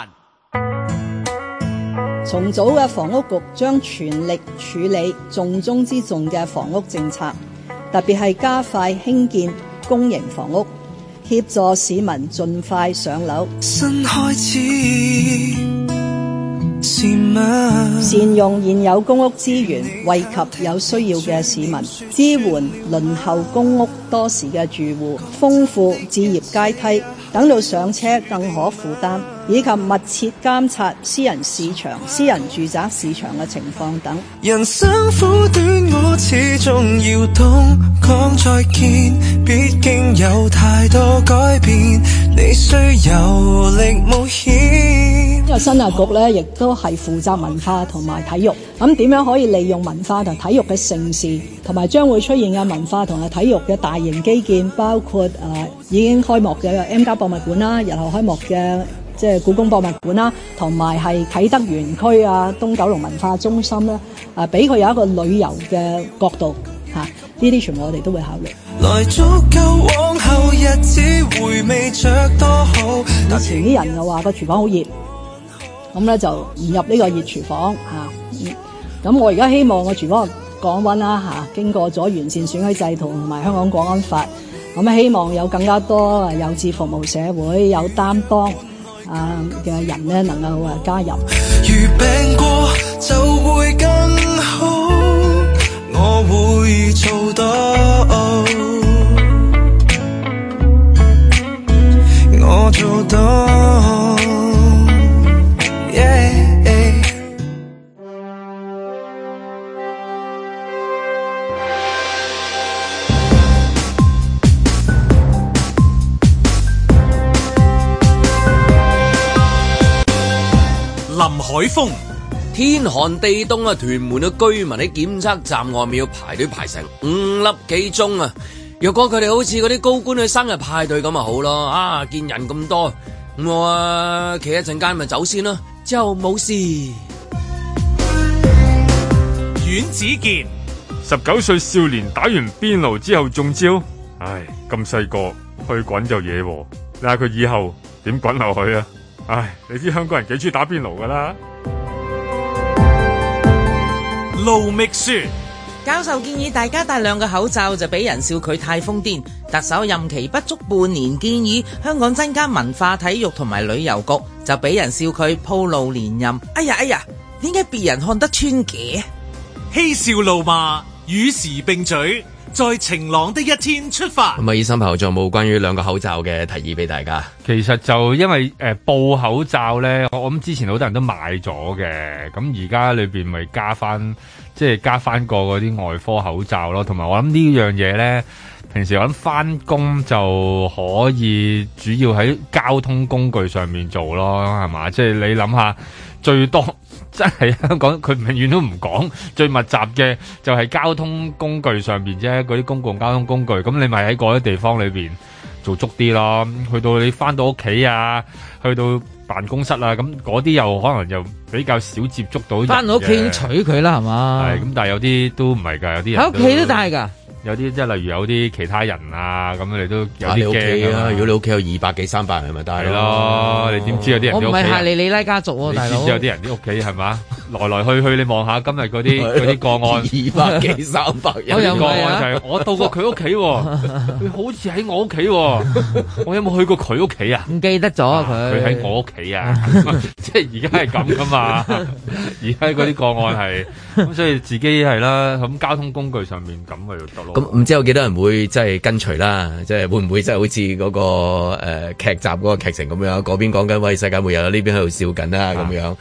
重組嘅房屋局將全力處理重中之重嘅房屋政策，特別係加快興建公營房屋，協助市民盡快上樓。新開始。善用現有公屋資源，惠及有需要嘅市民，支援輪候公屋多時嘅住戶，豐富置業階梯，等到上車更可負擔，以及密切監察私人市場、私人住宅市場嘅情況等。人生苦短，我始終要懂，講再見，畢竟有太多改變，你需有力冒險。這個新亞局咧，亦都係負責文化同埋體育。咁、嗯、點樣可以利用文化同體育嘅盛事，同埋將會出現嘅文化同埋體育嘅大型基建，包括誒、啊、已經開幕嘅 M 加博物館啦，日後開幕嘅即係故宮博物館啦，同埋係啟德園區啊、東九龍文化中心咧，誒俾佢有一個旅遊嘅角度吓，呢、啊、啲全部我哋都會考慮。來足夠往後日子回味着多好。以前啲人又話個廚房好熱。咁咧就唔入呢個熱廚房嚇。咁、啊、我而家希望我廚房降溫啦、啊、經過咗完善選舉制度同埋香港國安法，咁、啊、希望有更加多有志服務社會、有擔當啊嘅人咧，能夠啊加入。如病過就會更好。我會做到我做到海風，天寒地凍啊！屯門嘅居民喺檢測站外面要排隊排成五粒幾鐘啊！若果佢哋好似嗰啲高官去生日派對咁啊，好咯啊！見人咁多，我啊企一陣間咪走先咯。之後冇事。阮子健，十九歲少年打完邊爐之後中招，唉，咁細個去滾就嘢喎，嗱佢以後點滾落去啊？唉，你知香港人幾鍾意打邊爐㗎啦。盧覓雪，教授建議大家戴兩個口罩，就俾人笑佢太瘋癲。特首任期不足半年，建議香港增加文化、體育同埋旅遊局，就俾人笑佢鋪路連任。哎呀哎呀，點解別人看得穿嘅？嬉笑怒罵，與時並舉。在晴朗的一天出發。咁啊，醫生朋友，仲有冇關於兩個口罩嘅提議俾大家？其實就因為誒、呃、布口罩呢，我諗之前好多人都買咗嘅，咁而家裏面咪加翻，即係加翻過嗰啲外科口罩咯。同埋我諗呢樣嘢呢，平時我諗翻工就可以主要喺交通工具上面做咯，係嘛？即係你諗下，最多。真係香港，佢永遠都唔講最密集嘅就係交通工具上邊啫，嗰啲公共交通工具。咁你咪喺嗰啲地方裏邊做足啲咯。去到你翻到屋企啊，去到辦公室啊，咁嗰啲又可能又比較少接觸到。翻到屋企要取佢啦，係嘛？係咁，但係有啲都唔係㗎，有啲人喺屋企都帶㗎。有啲即係例如有啲其他人啊，咁你都有啲驚啊，如果你屋企有二百幾三百人咪大咯，你點知有啲人家？我唔係吓你，你拉家族，啊，你知唔知有啲人啲屋企係嘛？來來去去你望下今日嗰啲嗰啲個案，二百幾三百有啲，啊，個案就係，是，我到過佢屋企，佢 好似喺我屋企，啊， 我有冇去過佢屋企啊？唔記得咗佢，佢喺我屋企啊，啊 即係而家係咁噶嘛？而家嗰啲個案係咁， 所以自己係啦，咁交通工具上面咁咪就咁唔知有幾多人會即係跟隨啦，即係會唔會即係好似嗰個誒劇集嗰個劇情咁樣，嗰邊講緊喂世界末日啦，呢邊喺度笑緊啦咁樣，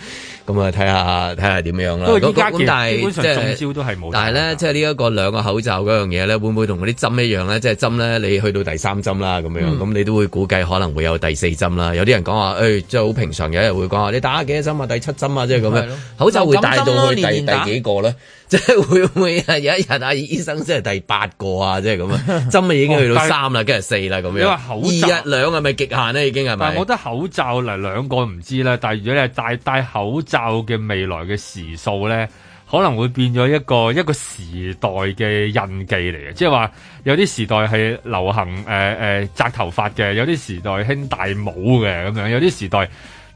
咁啊睇下睇下點樣啦。咁但係即係中招都係冇。但係咧，即係呢一個兩個口罩嗰樣嘢咧，會唔會同嗰啲針一樣咧？即係針咧，你去到第三針啦，咁樣，咁、嗯、你都會估計可能會有第四針啦。有啲人講話，誒、欸，即係好平常有，有人會講話你打幾多針啊？第七針啊，即係咁樣，口罩會戴到去第、就是啊、年年第幾個咧？即 係會唔會係有一日啊，醫生先係第八個啊，即係咁啊，針已經去到三啦，跟住四啦咁樣。因為口罩一兩係咪極限咧？已經係咪？但係我覺得口罩嗱兩個唔知啦，但係如果你係戴戴口罩嘅未來嘅時數咧，可能會變咗一個一個時代嘅印記嚟嘅，即係話有啲時代係流行誒誒紮頭髮嘅，有啲時代興戴帽嘅咁樣，有啲時代。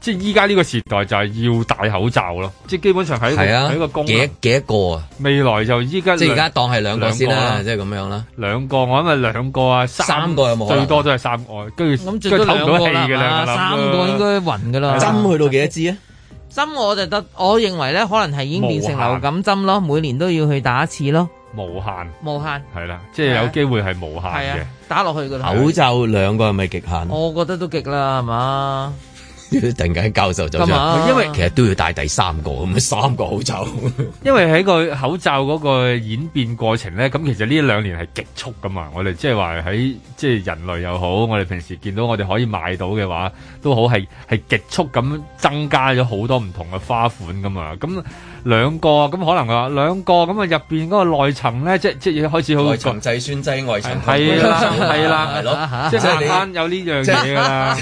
即係依家呢個時代就係要戴口罩咯，即係基本上喺喺個公、啊、幾幾多個啊？未來就依家即係而家當係兩個先啦，即係咁樣啦。兩、啊個，啊、個，我諗係兩個，個，個啊，三個又冇，最多都係三個，跟住跟住唞唔到氣嘅啦。三個應該暈噶啦。針去到幾多支啊？針我就得，我認為咧可能係已經變成流感針咯，每年都要去打一次咯。無限，無限係啦、啊啊，即係有機會係無限嘅、啊，打落去個口罩兩個係咪極限？我覺得都極啦，係嘛、啊？ 突然間教授走咗，因為其實都要戴第三個咁，三個口罩。 因為喺個口罩嗰個演變過程咧，咁其實呢兩年係極速噶嘛，我哋即係話喺即係人類又好，我哋平時見到我哋可以買到嘅話，都好係係極速咁增加咗好多唔同嘅花款噶嘛，咁。兩個咁可能啊，兩個咁啊入邊嗰個內層咧，即即要開始去控制酸劑外層。係啦，係啦，係咯，即係你有呢樣嘢啊。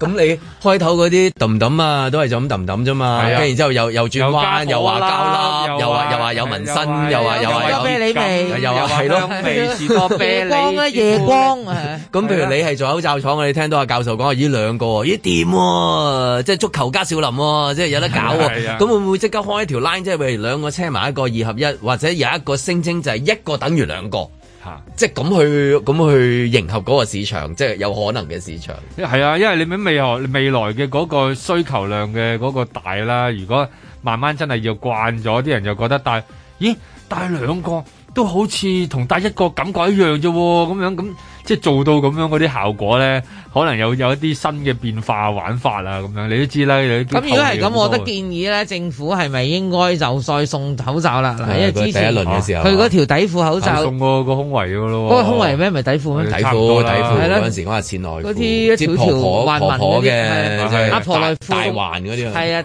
咁你開頭嗰啲揼揼啊，都係就咁揼揼啫嘛。跟住然之後又又轉彎，又話膠啦，又話又話有紋身，又話又話有膠。又話係咯，未試過夜光啊夜光啊。咁譬如你係做口罩廠，你聽到阿教授講話已經兩個喎，咦掂喎，即係足球加少林喎，即係有得搞喎。咁會唔會即刻開一條 line，即係譬如兩個車埋一個二合一，或者有一個聲稱就係一個等於兩個，啊、即係咁去咁去迎合嗰個市場，即係有可能嘅市場。係啊，因為你咪未來未來嘅嗰個需求量嘅嗰個大啦。如果慢慢真係要慣咗，啲人就覺得帶咦帶兩個都好似同帶一個感覺一樣啫，咁樣咁。即係做到咁樣嗰啲效果咧，可能有有一啲新嘅變化玩法啦、啊、咁樣你都知啦。咁如果係咁，我覺得建議咧，政府係咪應該就再送口罩啦？嗱，因為之前佢嗰條底褲口罩送個胸圍㗎囉。嗰、嗰個胸圍咩？咪底褲底褲。底褲。嗰陣時講話線內褲。嗰啲一條條橫嘅，一係大大環嗰啲。係啊，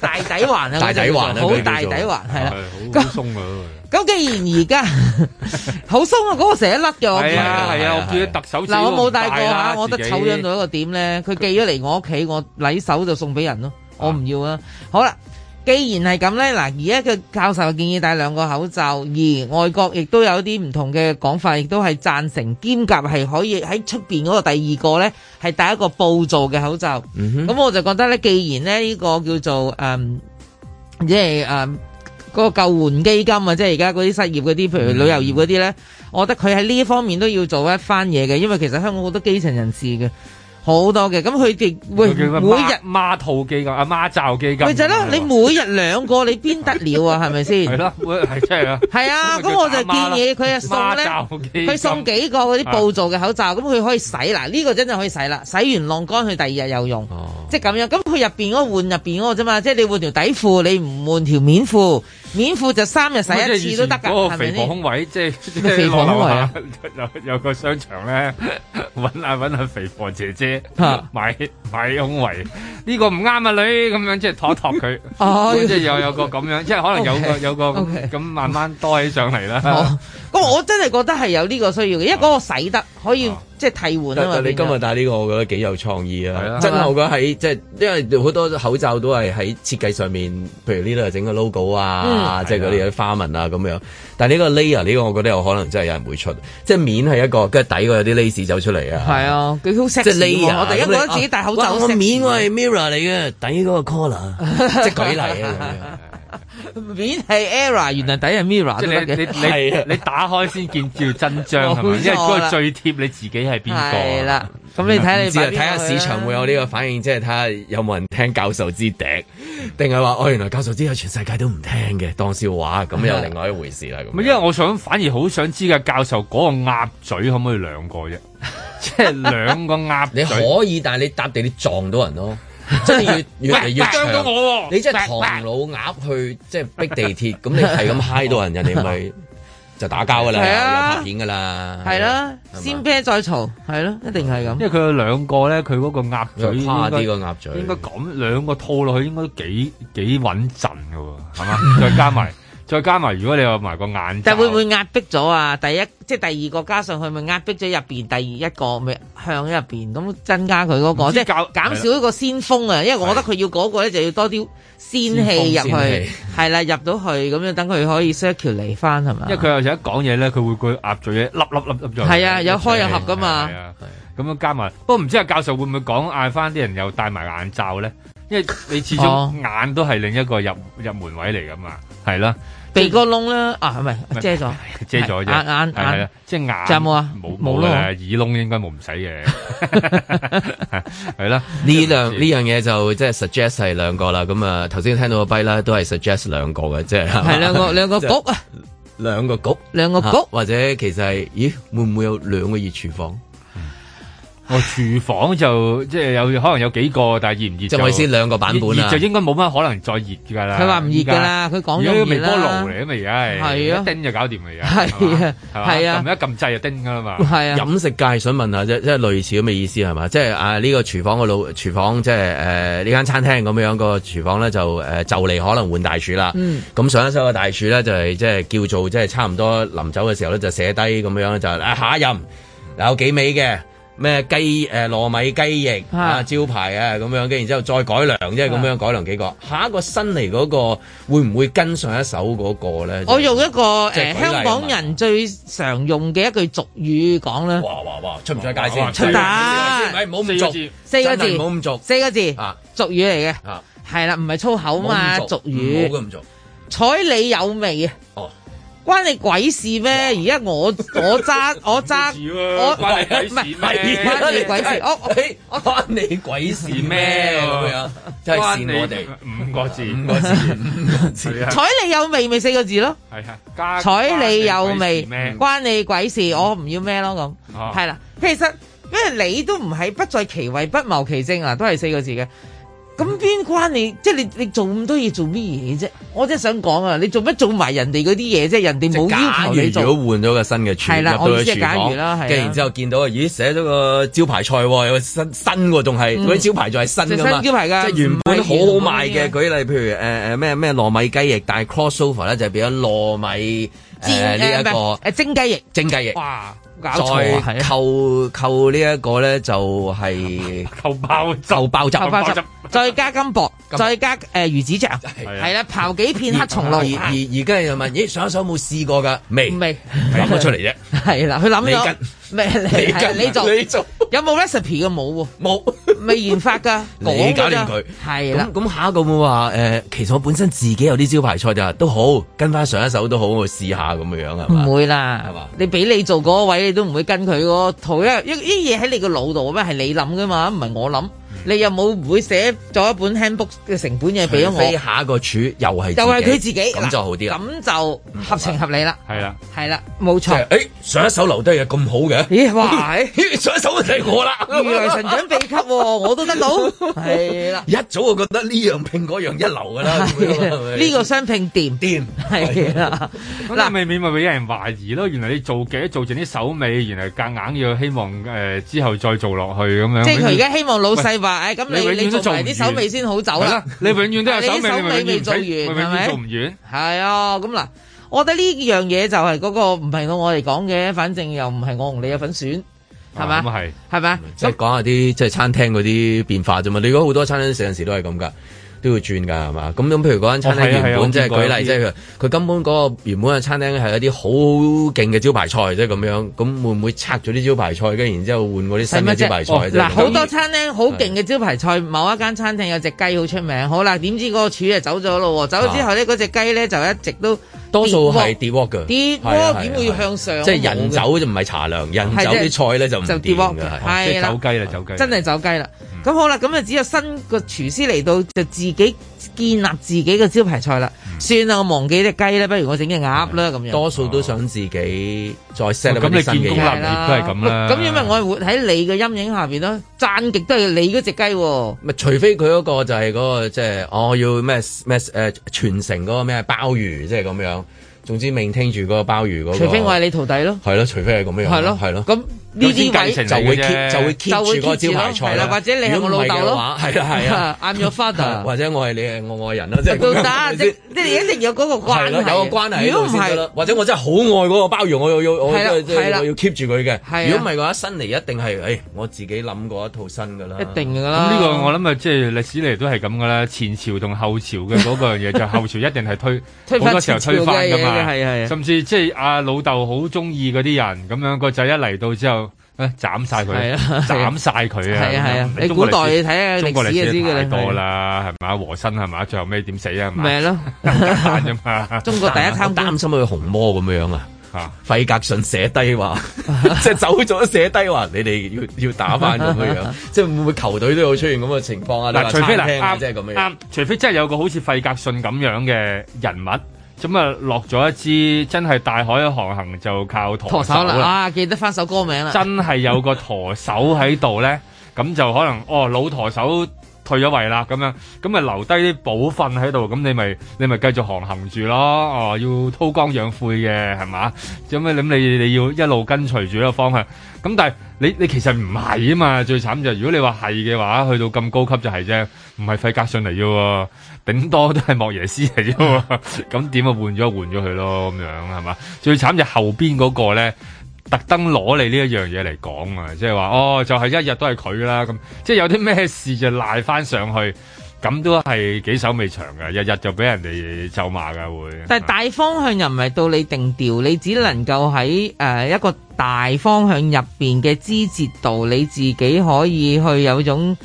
大底環啊，大底環好大底環係啦，好鬆咁既然而家好鬆啊，嗰、那個成一甩嘅。係啊係啊，我叫佢、啊啊啊、特首、啊。嗱、這個啊，我冇戴過吓，我覺得醜樣到一個點咧。佢寄咗嚟我屋企，我禮手就送俾人咯，我唔要啊。好啦，既然係咁咧，嗱，而家嘅教授建議戴兩個口罩，而外國亦都有啲唔同嘅講法，亦都係贊成兼夾係可以喺出邊嗰個第二個咧，係戴一個布做嘅口罩。咁、嗯、我就覺得咧，既然呢呢、這個叫做嗯，即係嗯。個救援基金啊，即係而家嗰啲失業嗰啲，譬如旅遊業嗰啲咧，我覺得佢喺呢方面都要做一番嘢嘅，因為其實香港好多基層人士嘅，好多嘅，咁佢哋會每日孖套幾個阿孖罩基金佢，啊，就啦你每日兩個你邊得了啊？係咪先？係咯，係真係咯。係啊，咁我就建議佢啊送咧，佢送幾個嗰啲布做嘅口罩，咁，啊，佢可以洗啦呢，這個真係可以洗啦，洗完晾乾佢第二日又用。啊，即係咁樣。咁佢入面嗰個換入面嗰個啫嘛，即係你換條底褲，你唔換條面褲。免褲就三日洗一次都得噶，係咪先？嗰個肥婆胸圍，即即係樓下有有個商場咧，搵下搵下肥婆姐姐，買買胸圍，呢、這個唔啱啊女咁樣託託 即係托一托佢，即係有有個咁樣，即係可能有個有個咁慢慢多起上嚟啦。Oh. 咁我真係覺得係有呢個需要嘅，因為嗰個洗得可以，啊可以啊，即係替換啊嘛。你今日戴呢個，我覺得幾有創意啊！真係我覺得喺即係，因為好多口罩都係喺設計上面，譬如呢度整個 logo 啊，嗯、即係嗰啲花紋啊咁樣。但呢個 layer 呢個，我覺得有可能真係有人會出，即係，就是，面係一個，跟住底嗰有啲 lace 走出嚟，就是，啊。係啊，佢好 sexy 即係 layer，我第一覺得自己戴口罩，啊啊。我面我係 mirror 嚟嘅，底嗰個 color， 即係舉例啊 面係 Era，原來底係 Mirror，即係你你你。你打開先見照真章係咪？ 因為嗰個最貼你自己係邊個？係啦。咁你睇你睇下市場會有呢個反應，即係睇下有冇人聽教授之笛，定係話哦原來教授之後全世界都唔聽嘅，當笑話咁又另外一回事啦。咁。因為我想反而好想知嘅教授嗰個鴨嘴可唔可以兩個啫？即係兩個鴨 你可以，但係你搭地你撞到人咯。真係越越嚟越長，你真係唐老鴨去即係逼地鐵，咁你係咁 high 到人，人哋咪就打交噶啦，係啊，有拍片噶啦，係啦，先啤再嘈，係咯，一定係咁。因為佢有兩個咧，佢嗰個鴨嘴差啲個鴨嘴，應該都咁兩個套落去應該幾幾穩陣噶喎，係嘛？再加埋。再加埋如果你有埋個眼罩，但會唔會壓迫咗啊？第一即係第二個加上去，咪壓迫咗入面第二一個咪向入面咁增加佢嗰個，即係減少一個先鋒啊！因為我覺得佢要嗰個咧就要多啲仙氣入去，係啦，入到去咁樣等佢可以 circle 嚟翻係嘛？因為佢有時一講嘢咧，佢會佢壓咗嘢粒粒粒粒係啊，有開有合噶嘛。咁樣加埋。不過唔知阿教授會唔會講嗌翻啲人又戴埋眼罩咧？因為你始終眼都係另一個入 入門位嚟㗎嘛，係啦。鼻哥窿啦，啊唔係遮咗，遮咗啫。眼眼係啦，即係眼。仲有冇啊？冇冇啦。耳窿應該冇唔使嘅。係係啦，呢樣呢樣嘢就即係 suggest 係兩個啦。咁啊，頭先聽到個 by 啦，都係 suggest 兩個嘅，即 係兩個兩個局啊， 兩個局， 兩個局。 或者其實係，咦，會唔會有兩個熱廚房？我、哦、廚房就即係有可能有幾個，但係熱唔熱就意思兩個版本、啊、就應該冇乜可能再熱㗎啦。佢話唔熱㗎啦，佢講咗微波爐嚟啊嘛，而家係啊，一叮就搞掂㗎啦，係啊，係啊，啊按一撳掣就叮㗎啦嘛，係啊。飲食界想問下即係即係類似咁嘅意思係嘛？即係啊呢、這個廚房個老廚房即係誒呢間餐廳咁樣、那個廚房咧就誒就嚟可能換大廚啦。咁、嗯、上一手嘅大廚咧就係、是、即係叫做即係差唔多臨走嘅時候咧就寫低咁樣就、啊、下一任有幾味嘅。咩雞，誒，糯米雞翼啊，招牌嘅咁樣嘅，然之後再改良，即係咁樣改良幾個，下一個新嚟嗰個會唔會跟上一手嗰個咧？我用一個誒香港人最常用嘅一句俗語講啦。哇哇哇，出唔出街先？出得，唔好咁俗，四個字，唔好咁俗，四個字，俗語嚟嘅，係啦，唔係粗口嘛，俗語。冇咁俗，彩你有味啊。關你鬼事咩？而家我我揸我揸，啊、我唔係關，關你鬼事。即係，我我，我關你鬼事咩，啊？真係，即係，善我哋五個字五個字五個字，五個字，五個字啊！採你有味咪四個字咯，係啊，採你有味，啊，關你鬼事，鬼事嗯，我唔要咩咯咁，係啦，啊啊。其實因為你都唔係不在其位不謀其政啊，都係四個字嘅。咁邊關你？即係你你做咁多嘢做咩嘢啫？我真係想講啊！你做乜做埋人哋嗰啲嘢啫？人哋冇要求你做。假如，如果換咗個新嘅廚入到去廚房，跟住然之後見到啊，咦寫咗個招牌菜，有個新新仲係嗰啲招牌菜係新噶嘛？嗯、新招牌噶。即係原本好好賣嘅。舉例譬如誒誒咩咩糯米雞翼，但係 cross over 咧就變咗糯米誒呢、呃、一個誒、啊、蒸雞翼，蒸雞翼哇，搞錯扣扣呢一個咧就係扣包，就包、是、 汁，扣包汁扣包汁扣包汁再加金箔，金箔再加誒、呃、魚子醬，係啦，刨幾片黑松露。啊啊啊、而而而家又問，咦，上一手冇試過噶？未，未諗咗出嚟啫。係啦，佢諗咗。咩跟，你做，你做，你做有冇 recipe 嘅？冇喎，冇未研發噶。 你搞掂佢係啦。咁下一個會話誒，其實我本身自己有啲招牌菜就都好跟翻上一手都好，我試下咁樣樣啊。唔會啦，係嘛？你俾你做嗰位你都唔會跟佢喎。同一一啲嘢喺你個腦度咩？係你諗噶嘛？唔係我諗。你又冇會寫咗一本 handbook 嘅成本嘢，俾我？你下一個處又係又係佢自己咁就好啲啦，咁就合情合理啦，係啦，係啦，冇錯。誒，上一手留低又咁好嘅？咦，哇！誒，上一手都係我啦，原來成長秘笈我都得到，係啦。一早就覺得呢樣拼嗰樣一流噶啦，呢個新拼掂唔掂？係啦，咁但係未免咪俾人懷疑咯？原來你做嘅做盡啲手尾，原來夾硬要希望誒之後再做落去咁樣，即係佢而家希望老細話。啊、哎！咁你你都做啲手尾先好走啦。你永遠都係手尾未 做完，係咪？是是做唔完？係啊，咁嗱，我覺得呢樣嘢就係嗰個唔輪到我哋講嘅，反正又唔係我同你有份選，係咪？咁係，係咪啊？啊嗯嗯、即係講下啲即係餐廳嗰啲變化啫嘛。你而家好多餐廳成日都係咁㗎。都要轉㗎，係嘛？咁譬如嗰間餐廳原本即係、哦啊啊、舉例，即係佢佢根本嗰個原本嘅餐廳係一啲好勁嘅招牌菜，即係咁樣。咁會唔會拆咗啲招牌菜，跟然之後換嗰啲新嘅招牌菜？嗱，好、哦就是、多餐廳好勁嘅招牌菜、啊，某一間餐廳有隻雞好出名，好啦，點知嗰個廚就走咗咯喎，走咗之後呢，嗰隻、啊、雞咧就一直都多數係跌鑊㗎，跌鑊點、啊啊啊、會向上？啊啊、即係人走就唔係茶涼、啊，人走啲菜咧就就跌鑊嘅、啊，即係走雞啦、啊，走雞、啊，真係走雞啦。咁好啦，咁啊只有新個廚師嚟到就自己建立自己個招牌菜啦、嗯。算啦，我忘記隻雞啦，不如我整隻鴨啦咁樣。多數都想自己再 set up 個、哦、新咁你都係咁啦。咁因為我係活喺你嘅陰影下面啦，讚極都係你嗰隻雞喎、啊。咪除非佢嗰個就係嗰、那個，即係我要咩咩誒傳承嗰個咩鮑魚，即係咁樣。總之命聽住嗰個鮑魚嗰、那個。除非我係你徒弟咯。係咯，除非係咁樣。係咯，係咯。咁。呢啲位就會, keep, 就會 keep 就會 keep 住個招牌菜，係啦，或者你我老豆咯係係啦係啊，I'm your father，或者我係你係我愛人咯即係都得，即 係 你,、就是、 你一定有嗰個關係，有個關係。如果唔係，或者我真係好愛嗰個鮑魚，我要我係啦係啦，我要 keep 住佢嘅。如果唔係嘅話，新嚟一,一定係誒、哎、我自己諗過一套新嘅啦。一定㗎啦。咁呢個我諗啊，即係歷史嚟都係咁㗎啦。前朝同後朝嘅嗰個嘢， 就後朝一定係推好多時候推翻㗎嘛，係。甚至即係阿老豆好中意嗰啲人咁樣，個仔一嚟到之後。斬晒佢，斬晒佢啊！你古代睇下歷史之多啦，係嘛、啊啊啊、和珅係嘛，最後尾點死啊？咩咯？咁簡單啫嘛！中國第一貪擔 心佢紅魔咁樣啊！費格遜寫低話，即、啊、係 走咗寫低話，你哋要要打翻咁樣，啊、即係會唔會球隊都有出現咁嘅情況啊？嗱、啊，除非嗱即係咁樣、啊啊，除非真係有個好似費格遜咁樣嘅人物。咁啊，落咗一支真係大海嘅航行就靠舵手啦。啊，記得翻首歌名啦。真係有個舵手喺度咧，咁 就可能哦老舵手退咗位啦，咁樣咁咪留低啲寶訓喺度，咁你咪你咪繼續航行住咯。哦，要韜光養晦嘅係嘛？咁你你要一路跟隨住呢個方向。咁但係你你其實唔係啊嘛，最慘就係、是、如果你話係嘅話，去到咁高級就係、是、啫，唔係費格遜嚟啫。頂多都係莫耶斯嚟啫，咁點啊，換咗換咗佢咯，咁樣係嘛？最慘就後邊嗰個咧，特登攞你呢一樣嘢嚟講啊，即係話哦，就係、是、一日都係佢啦咁，即係有啲咩事就賴翻上去，咁都係幾手尾長㗎。日日就俾人哋咒罵㗎會。但係大方向又唔係到你定調， 你只能夠喺誒、呃、一個大方向入面嘅枝節度，你自己可以去有種。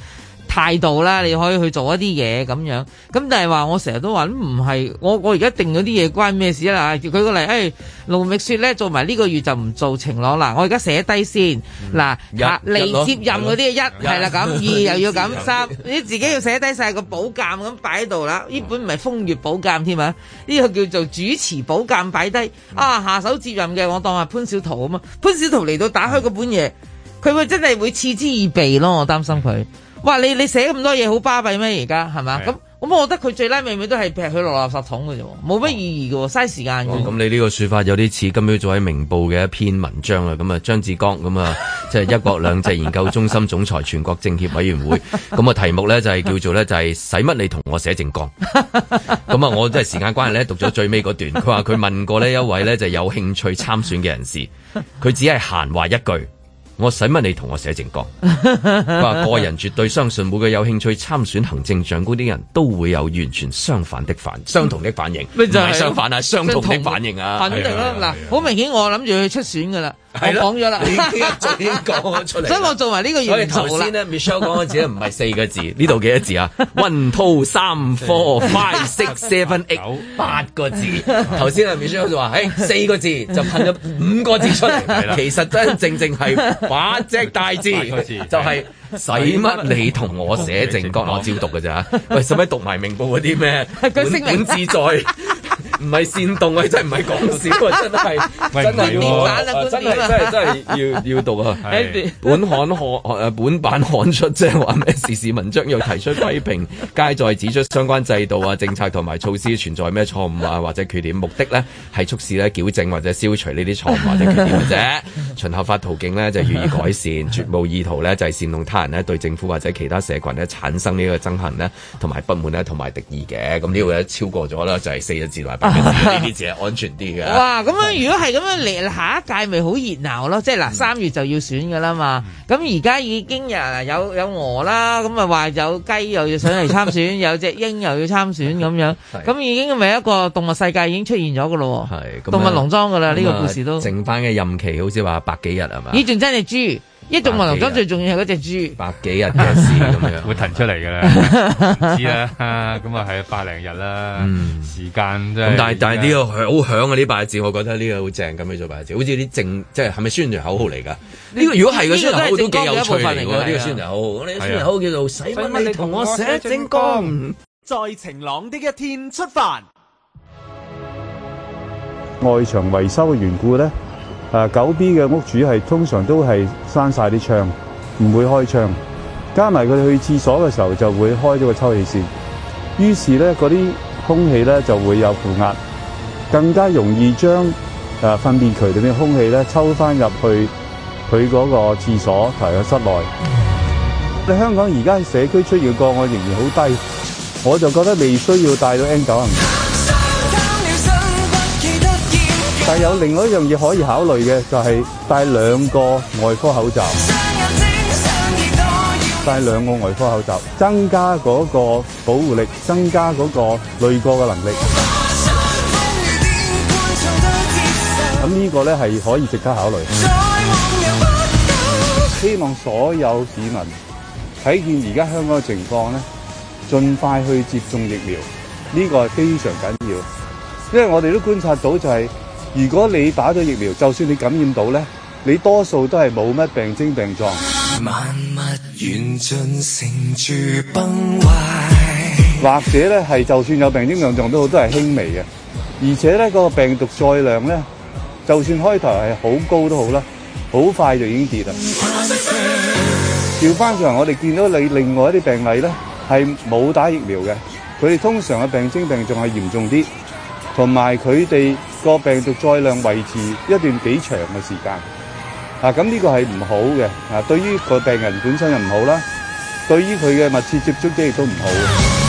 態度啦，你可以去做一啲嘢咁樣，咁但係話我成日都話唔係，我我而家定咗啲嘢關咩事啊？叫佢個例，誒、欸、盧覓雪咧做埋呢個月就唔做晴朗啦。我而家寫低先，嗱、啊，嚟接任嗰啲一係啦咁，二又要咁，三你自己要寫低晒個寶鑑咁擺喺度啦。呢、嗯、本唔係風月寶鑑添啊，呢、這個叫做主持寶鑑擺低啊，下手接任嘅我當係潘小桃啊嘛。潘小桃嚟到打開個本嘢，佢、嗯、會真係會嗤之以鼻咯，我擔心佢。嗯哇！你你寫咁多嘢好巴閉咩？而家係嘛？咁咁我覺得佢最尾尾明明都係劈佢落垃圾桶嘅啫，冇乜意義嘅，嘥時間喎。咁、哦、你呢個說法有啲似今朝早喺《明報》嘅一篇文章啊！咁、嗯、啊，張志剛咁啊，即、嗯、係 一國兩制研究中心總裁、全國政協委員會。咁、嗯、啊，題目呢，就係、是、叫做呢就使、是、乜你同我寫政綱？咁啊、 嗯，我都係時間關係呢讀咗最尾嗰段。佢話佢問過呢一位呢，就有興趣參選嘅人士，佢只係閒話一句。我使乜你同我寫正歌？話個人絕對相信每個有興趣參選行政長官啲人都會有完全相反的反相同的反應，咩就係、啊、相反啊，相同的反應啊，定啦。嗱，好、啊啊啊啊啊、明顯我諗住去出選噶啦。係講咗啦， 你今日做啲講出嚟，所以我作埋呢個圓圖啦。所以頭先咧，Michelle 講嘅字咧唔係四個字，呢度幾多字啊？One two three four five six seven eight 八個字。頭先啊，Michelle 就話，誒、欸，四個字就噴咗五個字出嚟， 其實真正正係畫隻大字，字就係使乜你同我寫正， 我照讀嘅咋？ 喂，使乜讀埋明報嗰啲咩？本自在。 唔係煽動啊！真係唔係講笑啊！真係，真係要要讀啊！ 本刊、呃、本版刊出，即係話咩時事文章，又提出批評，皆在指出相關制度啊、政策同埋措施存在咩錯誤啊，或者缺點。目的呢，係促使呢矯正或者消除呢啲錯誤或者缺點，或者循合法途徑呢，就予、是、以改善，絕無意圖呢，就係、是、煽動他人呢對政府或者其他社群呢產生呢個憎恨呢，同埋不滿呢，同埋敵意嘅。咁呢個呢超過咗啦，就係、是、四個字嚟。呢啲只係安全啲嘅、啊。哇，咁樣如果係咁樣嚟，下一屆咪好熱鬧咯。即係嗱，三月就要選噶啦嘛。咁而家已經啊有有鵝啦，咁啊話有雞又要上嚟參選， 有隻鷹又要參選咁樣。咁 已經咪一個動物世界已經出現咗㗎咯。係，動物農莊噶啦，呢、呢個故事都。剩翻嘅任期好似話百幾日係嘛？咦，仲真係豬？一種物流倉最重要係嗰隻豬，百幾日嘅事咁樣，會騰出嚟㗎啦， 唔知啦，咁啊係百零日啦、嗯，時間啫、就是。咁但係但係呢、這個好響啊！呢、這個、八字，我覺得呢個好正咁樣做八字，好似啲正，即係係咪宣傳口號嚟噶？呢、嗯這個如果係個宣傳口號都都幾有趣嚟嘅。呢、這、啲、個、宣傳口號，呢啲、啊這個、宣傳口號叫做：使乜、啊、你同我洗精光，再晴朗啲嘅天出發。外牆維修嘅緣故咧。誒、啊，九 B 嘅屋主係通常都係閂晒啲窗，唔會開窗。加埋佢去廁所嘅時候就，就會開咗個抽氣扇。於是咧，嗰啲空氣咧就會有負壓，更加容易將誒糞便渠裏邊嘅空氣咧抽翻入去佢嗰個廁所同埋個室內。你香港而家社區出現個案仍然好低，我就覺得未需要帶到 N 九啊。但係有另外一樣嘢可以考慮嘅，就係戴兩個外科口罩，戴兩個外科口罩，增加嗰個保護力，增加嗰個濾過嘅能力。咁呢個咧係可以值得考慮。希望所有市民睇見而家香港嘅情況咧，盡快去接種疫苗，呢個係非常緊要，因為我哋都觀察到就係。如果你打咗疫苗，就算你感染到咧，你多數都係冇乜病徵病狀，或者咧係就算有病徵病狀都好，都係輕微嘅。而且咧 𠮶 個病毒載量咧，就算開頭係好高都好啦，好快就已經跌啦。調翻上嚟我哋見到你另外一啲病例咧，係冇打疫苗嘅，佢哋通常嘅病徵病狀係嚴重啲。同埋佢哋個病毒載量維持一段幾長嘅時間，啊咁呢個係唔好嘅，啊對於個病人本身又唔好啦，對於佢嘅密切接觸者亦都唔好。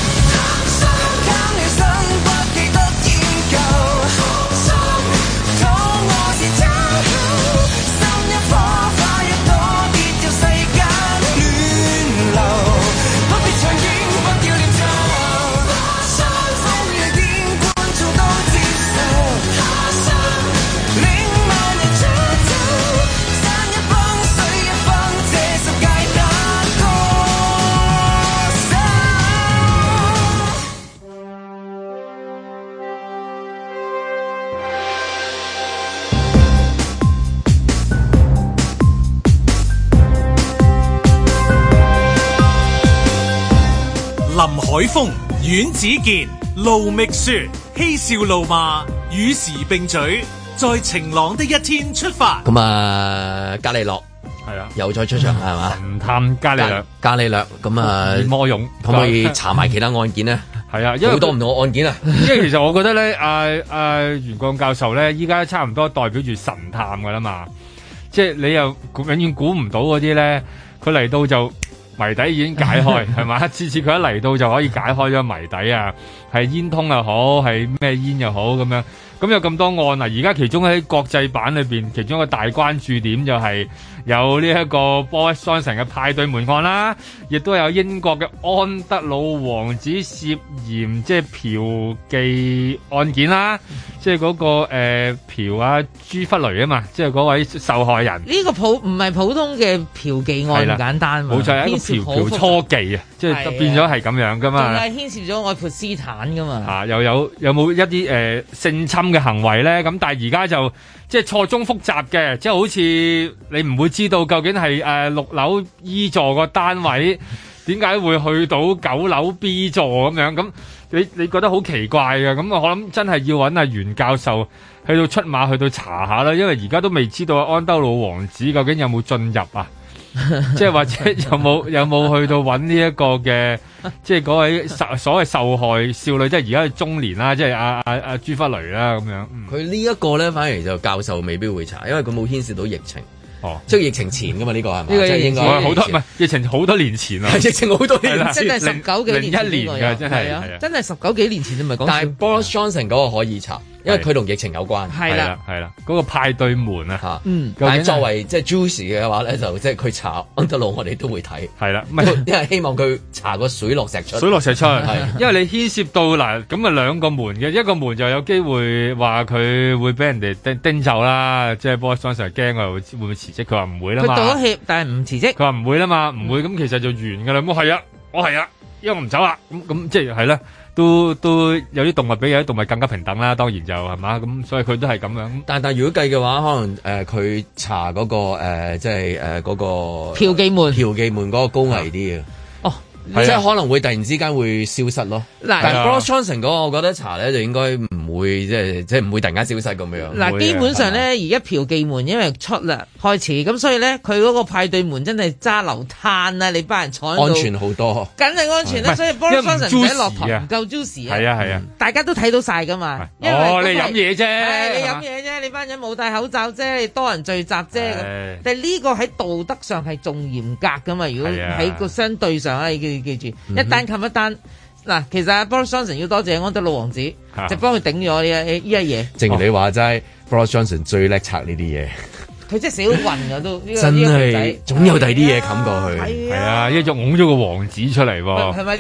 阮子健、盧覓雪嬉笑怒罵與時並嘴，在晴朗的一天出發。咁啊，伽利略係啊，又再出場係嘛？嗯？神探伽利略，伽利略咁啊，魔勇，可唔可以查埋其他案件咧？係啊，因為好多唔同嘅案件啊。 因為其實我覺得咧，阿、啊、阿、啊、袁剛教授咧，依家差唔多代表住神探噶啦嘛。即、就、係、是、你又永遠估唔到嗰啲咧，佢嚟到就。謎底已經解開，係嘛？ 次次佢一嚟到就可以解開咗謎底啊，係煙通又好，係咩煙又好咁樣。咁有咁多案啊！而家其中喺國際版裏邊其中一個大關注點就係有呢一個波西莊臣嘅派對門案啦，亦都有英國嘅安德魯王子涉嫌即係嫖妓案件啦，即係嗰、那個誒、呃、嫖啊朱弗雷啊嘛，即係嗰位受害人。呢、這個普唔係普通嘅嫖妓案，唔簡單嘛。冇錯就，一個嫖嫖初妓啊，即係變咗係咁樣噶嘛。仲係牽涉咗愛潑斯坦噶嘛？吓又有有冇一啲誒、呃、性侵？嘅行為呢，咁但係而家就即係錯綜複雜嘅，即係好似你唔會知道究竟係呃，六樓 E 座個單位點解會去到九樓 B 座咁樣，咁你你覺得好奇怪嘅，咁我諗真係要揾阿袁教授去到出馬去到查下啦，因為而家都未知道安德魯王子究竟有冇進入啊。即 係或者有冇，有冇去到搵呢一個嘅，即係嗰位所謂受害少女，即係而家係中年啦，即係阿阿阿朱弗雷啦咁樣。佢、嗯、呢一個咧，反而就教授未必會查，因為佢冇牽涉到疫情。哦，即、就、係、是、疫情前噶嘛呢、這個係咪？呢、嗯這個應該好多唔係疫情好、哦這個、多，多年前 多年啦，疫情好多年前，真係十九幾年一年嘅真係，真係十九幾年前咪嘛、啊啊啊啊啊啊。但係 Boris Johnson 嗰個可以查。因為佢同疫情有關，係啦，係啦，嗰個派對門啊吓，但係作為即係 Juice 嘅話咧，就即係佢查安德魯，我哋都會睇，係啦，唔係因為希望佢查個水落石出，水落石出，係，因為你牽涉到嗱，咁啊兩個門嘅，一個門就有機會話佢會俾人哋釘釘走啦，即係 Boris Johnson 驚我會會唔會辭職，佢話唔會啦嘛，佢道咗歉，但係唔辭職，佢話唔會啦嘛，唔會，咁其實就完噶啦，我係啊，我係啊，因為我唔走啦，咁咁即係係啦。都都有啲動物比有啲動物更加平等啦，當然就係嘛咁，所以佢都係咁樣。但但如果計嘅話，可能誒佢、呃、查嗰、嗰個、呃、即係誒嗰個嫖妓門嫖妓門嗰個高危啲嘅。是啊、即係可能會突然之間會消失咯。嗱 Boris Johnson 嗰個我覺得查呢，就應該唔會，即係即係唔會突然間消失咁樣。基本上呢，而家、啊、嫖妓門因為出啦開始，咁所以呢，佢嗰個派對門真係揸流攤啊！你班人坐喺度，安全好多。緊係安全啦、啊啊，所以 Boris Johnson 落堂唔夠 juice 啊，啊，啊、嗯、啊，大家都睇到晒㗎嘛、啊因為。哦，你飲嘢啫，你飲嘢啫，你班人冇戴口罩啫，你多人聚集啫、啊。但呢個喺道德上係仲嚴格噶嘛？如果喺個相對上係。你記住，一單冚一單。嗱，其實阿 Boris Johnson 要多謝安德魯王子，就幫佢頂咗呢一嘢。正如你話齋，Boris Johnson 最叻拆呢啲嘢。 佢真係少暈噶都， 真係、這個、總有第二啲嘢冚過去，係啊，一、啊啊、為拱咗個王子出嚟喎，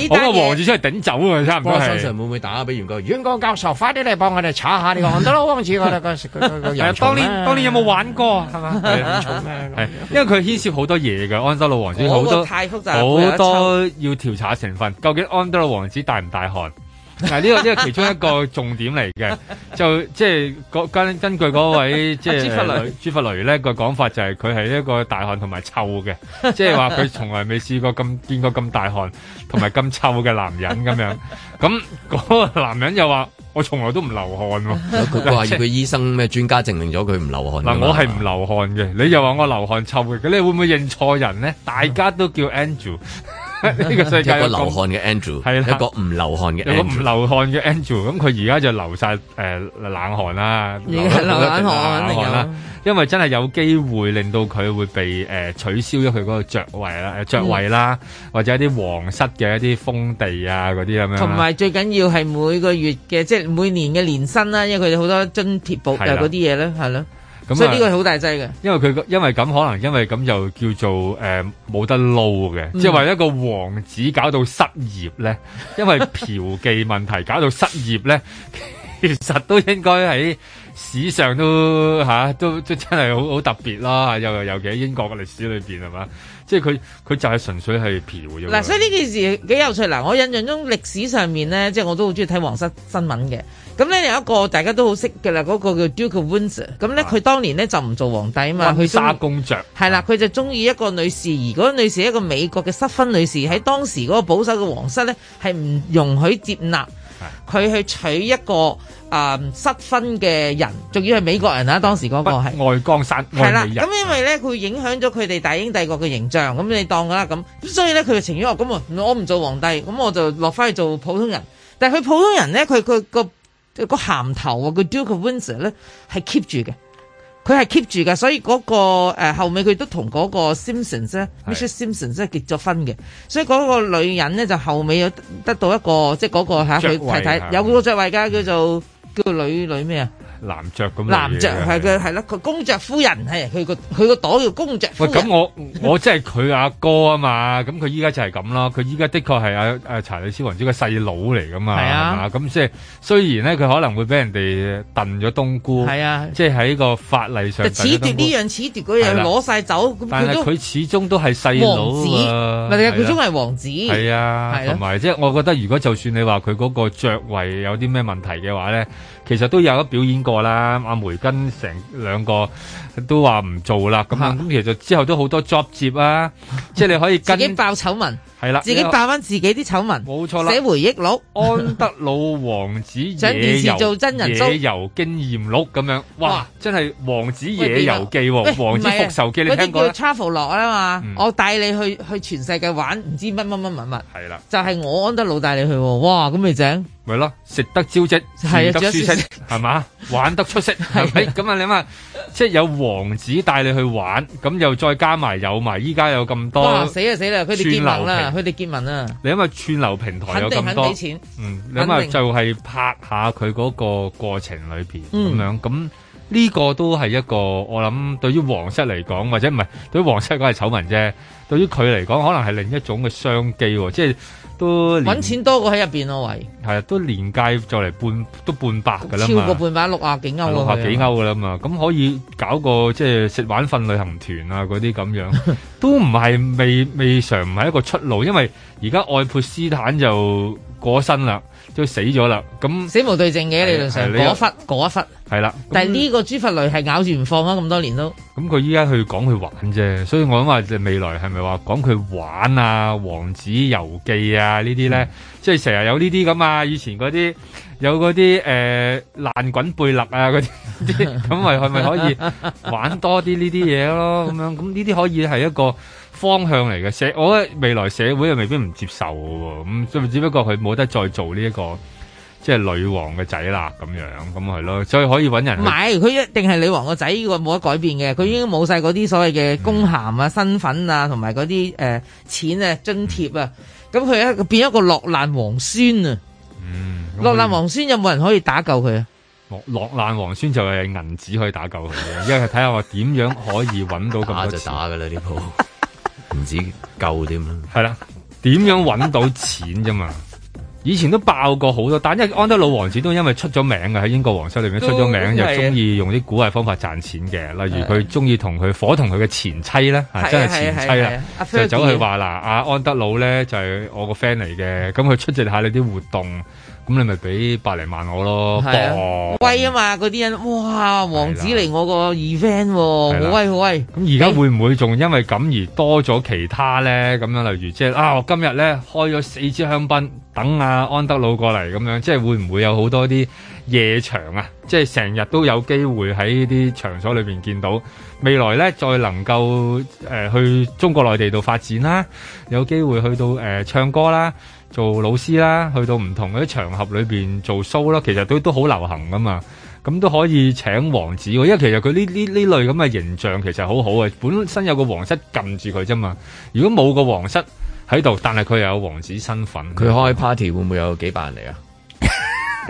好個王子出嚟頂走啊，差唔多，過我相信會唔會打俾袁哥？袁 哥教授，快啲嚟幫我哋查下呢個安德魯王子我哋 個個個 當年當年有冇玩過係係嘛，因為佢牽涉好多嘢噶，安德魯王子好 很多好 多要調查成分， 究竟安德魯王子大唔大汗？嗱 呢、呢個呢、呢個其中一個重點嚟嘅，就即係根根據嗰位即係 朱佛雷朱佛雷咧個講法就係佢係一個大汗同埋臭嘅，即係話佢從來未試過咁見過咁大汗同埋咁臭嘅男人咁樣。咁嗰個男人又話：我從來都唔流汗喎、啊。佢話要佢醫生咩專家證明咗佢唔流汗。嗱 我係唔流汗嘅， 你又話我流汗臭嘅，你會唔會認錯人咧？大家都叫 Andrew 呢 個世界一個流汗嘅 Andrew，一個唔流汗嘅，如果唔流汗嘅 Andrew。咁佢而家就流晒誒、呃、冷汗啦，而家流冷汗肯定有，因為真係有機會令到佢會被誒、呃、取消咗佢嗰個爵位啦、爵位啦、嗯，或者一啲皇室嘅一啲封地啊嗰啲咁樣。同埋最緊要係每個月嘅，即係每年嘅年薪啦，因為佢哋好多津貼、補嘅嗰啲嘢咧，係咯。嗯、所以呢個好大劑嘅，因為佢因為咁，可能因為咁又叫做誒冇、呃、得撈嘅，即係話一個王子搞到失業咧、嗯，因為嫖妓問題搞到失業咧， 其實都應該喺史上都吓、啊、都都真係好好特別啦，又尤其喺英國嘅歷史裏邊係嘛，即係佢佢就係、是、純粹係嫖啫。嗱，所以呢件事幾有趣。嗱，我印象中歷史上面咧，即、就、係、是、我都好中意睇皇室新聞嘅。咁呢，有一個大家都好識嘅啦，嗰、嗰個叫 Duke Windsor。咁呢，佢當年呢就唔做皇帝啊嘛，溫莎公爵係啦，佢就中意一個女士，而嗰個女士一個美國嘅失婚女士，喺當時嗰個保守嘅皇室呢，係唔容許接納佢去娶一個啊、呃、失婚嘅人，仲要係美國人啊！當時嗰個係外江山，係啦。咁因為呢，佢影響咗佢哋大英帝國嘅形象，咁你當㗎啦咁。咁所以呢，佢就情願話咁我唔做皇帝，咁我就落翻去做普通人。但係佢普通人呢，佢佢個。即、那、係個銜頭啊！佢 Duke of Windsor 咧係 keep 住嘅，佢係 keep 住嘅，所以嗰、那個誒、呃、後尾佢都同嗰個 Simpsons 咧，Missus Simpson 咧結咗婚嘅，所以嗰個女人咧就後尾有得到一個即嗰、就是那個嚇佢、啊、太太、嗯、有個爵位㗎，叫做叫女女咩啊？男爵咁，男爵係嘅，係啦，佢公爵夫人係佢個佢個朵叫公爵夫人。喂，咁我 我即係佢阿哥啊嘛，咁佢依家就係咁啦。佢依家的確係阿阿查理斯王子個細佬嚟噶嘛，係啊，咁即係雖然咧，佢可能會俾人哋燉咗冬菇，係啊，即係喺個法例上，褫奪呢樣，褫奪嗰樣，攞晒走。但係佢始終都係細佬啊，唔係，佢仲係王子。係啊，同埋即係，我覺得如果就算你話佢嗰個爵位有啲咩問題嘅話咧。其實都有得表演過啦，阿梅根成兩個都話唔做啦。咁、嗯、咁其實之後都好多 job 接啦、啊。 即係你可以跟自己爆醜聞，係啦，自己爆翻自己啲醜聞，冇錯啦，寫回憶錄，安德魯王子人，遊 野遊經驗錄咁樣，哇，真係王子野遊記喎、啊，王子復仇記你聽過啦？嗰啲叫 travel 落啊嘛、嗯，我帶你去去全世界玩，唔知乜乜乜乜乜。係啦，就係、是、我安德魯帶你去喎，哇，咁咪正？咪咯，食得招式，演得出色，係嘛，玩得出色，係咪？咁啊，你諗下即係有王子帶你去玩，咁又再加埋有埋，依家有咁多，死啦死啦，佢哋建民啦，佢哋建民啦。你諗下串流平台有咁多，嗯，你諗下就係拍下佢嗰個過程裏邊咁樣，咁呢個都係一個我諗，對於皇室嚟講，或者唔係，對於皇室講係醜聞啫，對於佢嚟講，可能係另一種嘅商機，即係。都揾錢多過喺入邊咯，喂，係啊，都年屆就嚟半都半百噶啦嘛，超過半百六啊幾歐六啊幾歐噶啦嘛，咁可以搞個即係食玩瞓旅行團啊嗰啲咁樣，都唔係未未嘗唔係一個出路，因為而家愛潑斯坦就過身啦，都死咗啦，咁死無對證嘅理論上，果忽果忽。係啦，但係呢個諸佛雷係咬住唔放啊！咁多年都咁，佢依家去講佢玩啫，所以我諗話未來係咪話講佢玩啊《王子遊記》啊呢啲咧，即係成日有呢啲咁啊，以前嗰啲有嗰啲誒爛滾貝勒啊嗰啲，咁咪係咪可以玩多啲呢啲嘢咯？咁樣咁呢啲可以係一個方向嚟嘅社，我覺得未來社會又未必唔接受喎。咁咪只不過佢冇得再做呢一個。即係女王嘅仔啦，咁樣咁係咯，所以可以揾人。唔係，佢一定係女王個仔，呢個冇得改變嘅。佢、嗯、已經冇晒嗰啲所謂嘅宮銜啊、嗯、身份啊，同埋嗰啲誒錢啊、津貼啊。咁佢一變一個落難皇孫啊。嗯。落難皇孫有冇人可以打救佢啊？落落難皇孫就係銀紙可以打救佢， 因為睇下話點樣可以揾到咁多錢。打就打噶啦呢鋪，唔 止夠點啦。係啦，點樣揾到錢啫嘛？以前都爆過好多，但因為安德魯王子都因為出咗名嘅，喺英國皇室裏面出咗名，就中意用啲古怪方法賺錢嘅。例如佢中意同佢火同佢嘅前妻咧，真係前妻啦，就走去話啦，阿安德魯咧就係、是、我個 friend 嚟嘅，咁佢出席下你啲活動。咁你咪俾百零萬我咯，好、啊、威啊嘛！嗰啲人，哇！王子嚟我個 event，好、啊、威好威。咁而家會唔會仲因為咁而多咗其他咧？咁、欸、樣例如即係啊，我今日咧開咗四支香檳，等阿、啊、安德魯過嚟咁樣，即係會唔會有好多啲夜場啊？即係成日都有機會喺啲場所裏面見到。未來咧再能夠誒、呃、去中國內地度發展啦，有機會去到誒、呃、唱歌啦。做老師啦，去到唔同嘅啲場合裏面做 show 啦，其實都都好流行㗎嘛，咁都可以請王子，因為其實佢呢呢呢類咁嘅形象其實好好呀，本身有個皇室撳住佢啫嘛，如果冇個皇室喺度，但係佢又有王子身份，佢開 party 會唔會有幾百人嚟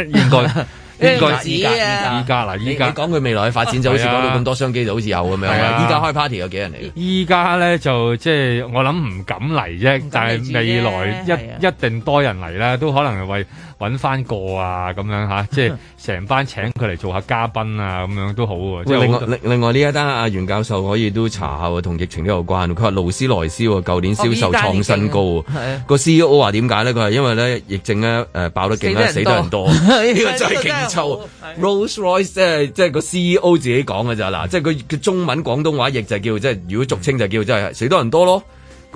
啊？ 應該。應該知㗎，依家嗱，依家你講佢未來嘅、啊、發展就好似講到咁多商機，啊、就好似有咁樣。依家、啊、開 party 有幾人嚟？依家咧就即係、就係、我諗唔敢嚟啫，但係未來、啊、一、啊、一定多人嚟啦，都可能係為。搵翻個啊，咁樣吓，即係成班請佢嚟做下嘉賓啊，咁樣都好喎、即係。另外另外呢一單啊，袁教授可以都查下喎，同疫情都有關。佢話勞斯萊斯喎，舊年銷售創新高喎。個 CEO 個話點解咧？佢係因為咧疫症咧誒爆得勁死多人多，呢個真係勁臭。Rolls Royce 即係即係個 CEO 自己講嘅咋嗱，即係佢佢中文廣東話亦就叫即係如果俗稱就叫即係死多人多咯。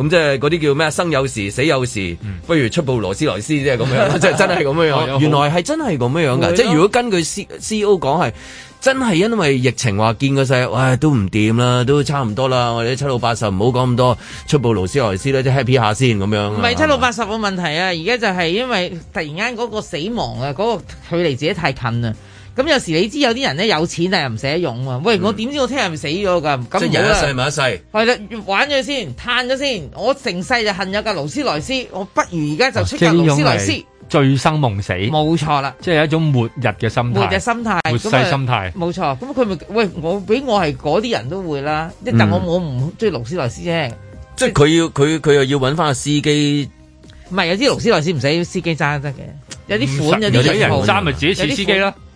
咁即係嗰啲叫咩？生有時，死有時，不如出部勞斯萊斯，即係咁樣，嗯、即係真係咁樣。 原來係真係咁樣㗎。即係如果根據 C C O 講係真係因為疫情話見嗰世，唉、哎，都唔掂啦，都差唔多啦。我哋七老八十唔好講咁多，出部勞斯萊斯咧，即、就、係、是、happy 下先咁樣。唔係七老八十個問題啊，而家就係因為突然間嗰個死亡啊，嗰、那個距離自己太近啊。咁有時你知有啲人咧，有錢但係又唔捨得用啊！喂，我點知我聽日咪死咗噶？咁係一世咪一世。係啦，玩咗先，嘆咗先，先。我成世就恨有個勞斯萊斯，我不如而家就出架勞斯萊斯。醉、啊、生夢死。冇錯啦。即係一種末日嘅心態。末嘅心態，末世心態。冇錯。咁佢咪喂，我俾我係嗰啲人都會啦，但、嗯、我我唔中意勞斯萊斯啫。即係佢要佢佢又要搵翻個司機。唔係有啲勞斯萊斯唔使司機揸得嘅，有啲款有啲人揸咪自己司機咯。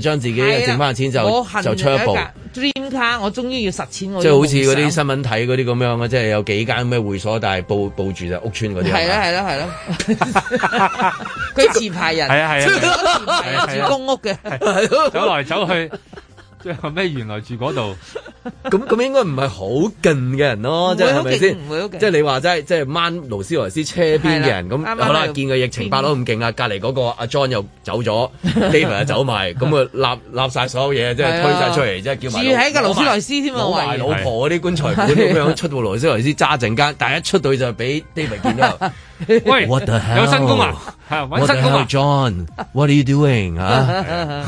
將自己剩翻錢就個就出一部。dream car 我終於要實踐。我即係好似嗰啲新聞睇嗰啲咁樣嘅，即係有幾間咩會所，但係報報住就屋村嗰啲，係啦係啦係啦，佢自派人係啊係啊， 住公屋嘅，走來走去。即係咩？原來住嗰度，咁 咁應該唔係好近嘅人咯，即係係咪先？即係你話齋，即係掹勞斯萊斯車邊嘅人，咁好啦。見佢疫情爆到咁勁啊，隔籬嗰個阿 John 又走咗 ，David 又走埋，咁 啊立納晒所有嘢， 即係推晒出嚟， 即係叫埋。住喺個勞斯萊斯添啊，埋老，老，老婆嗰啲棺材本咁樣出到勞斯萊斯揸陣間， 會 但係一出隊就俾 David 見到。 喂，What the hell? 有新功啊！我 John, what are you doing？啊，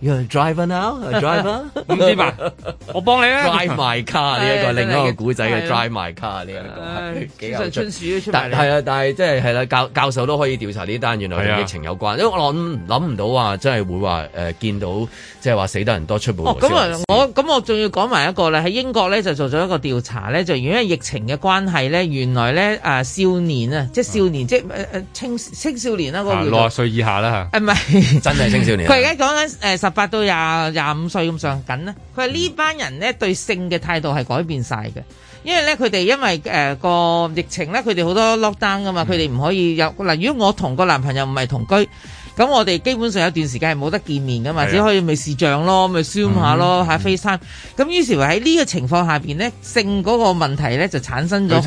你個 driver now？driver？唔知吧，我幫你啊。Drive my car 呢 Car 這 一個，另一個古仔嘅 drive my car 呢、這、一個對，幾有趣。係啊，但係即係係啦，教教授都可以調查呢單，原來同疫情有關。因為我諗諗唔到話，真係會話誒、呃、見到即係話死得人多出、哦。咁啊，我咁我仲要講埋一個咧，喺英國咧就做咗一個調查咧，就因為疫情嘅關係咧，原來咧誒、啊、少年啊，即係少年、嗯、即誒誒。呃青少年啦，嗰個六十歲以下啦吓，誒唔係，真係青少年。佢而家講緊誒十八到廿廿五歲咁上下咧。佢話呢班人咧對性嘅態度係改變晒嘅、嗯，因為咧佢哋因為誒個、呃、疫情咧，佢哋好多 lock down 噶嘛，佢哋唔可以有嗱、嗯。如果我同個男朋友唔係同居，咁我哋基本上有段時間係冇得見面噶嘛，只可以咪視像咯，咪 zoom 下咯，喺、嗯、Face Time、嗯。咁於是乎喺呢個情況下邊咧，性嗰個問題咧就產生咗。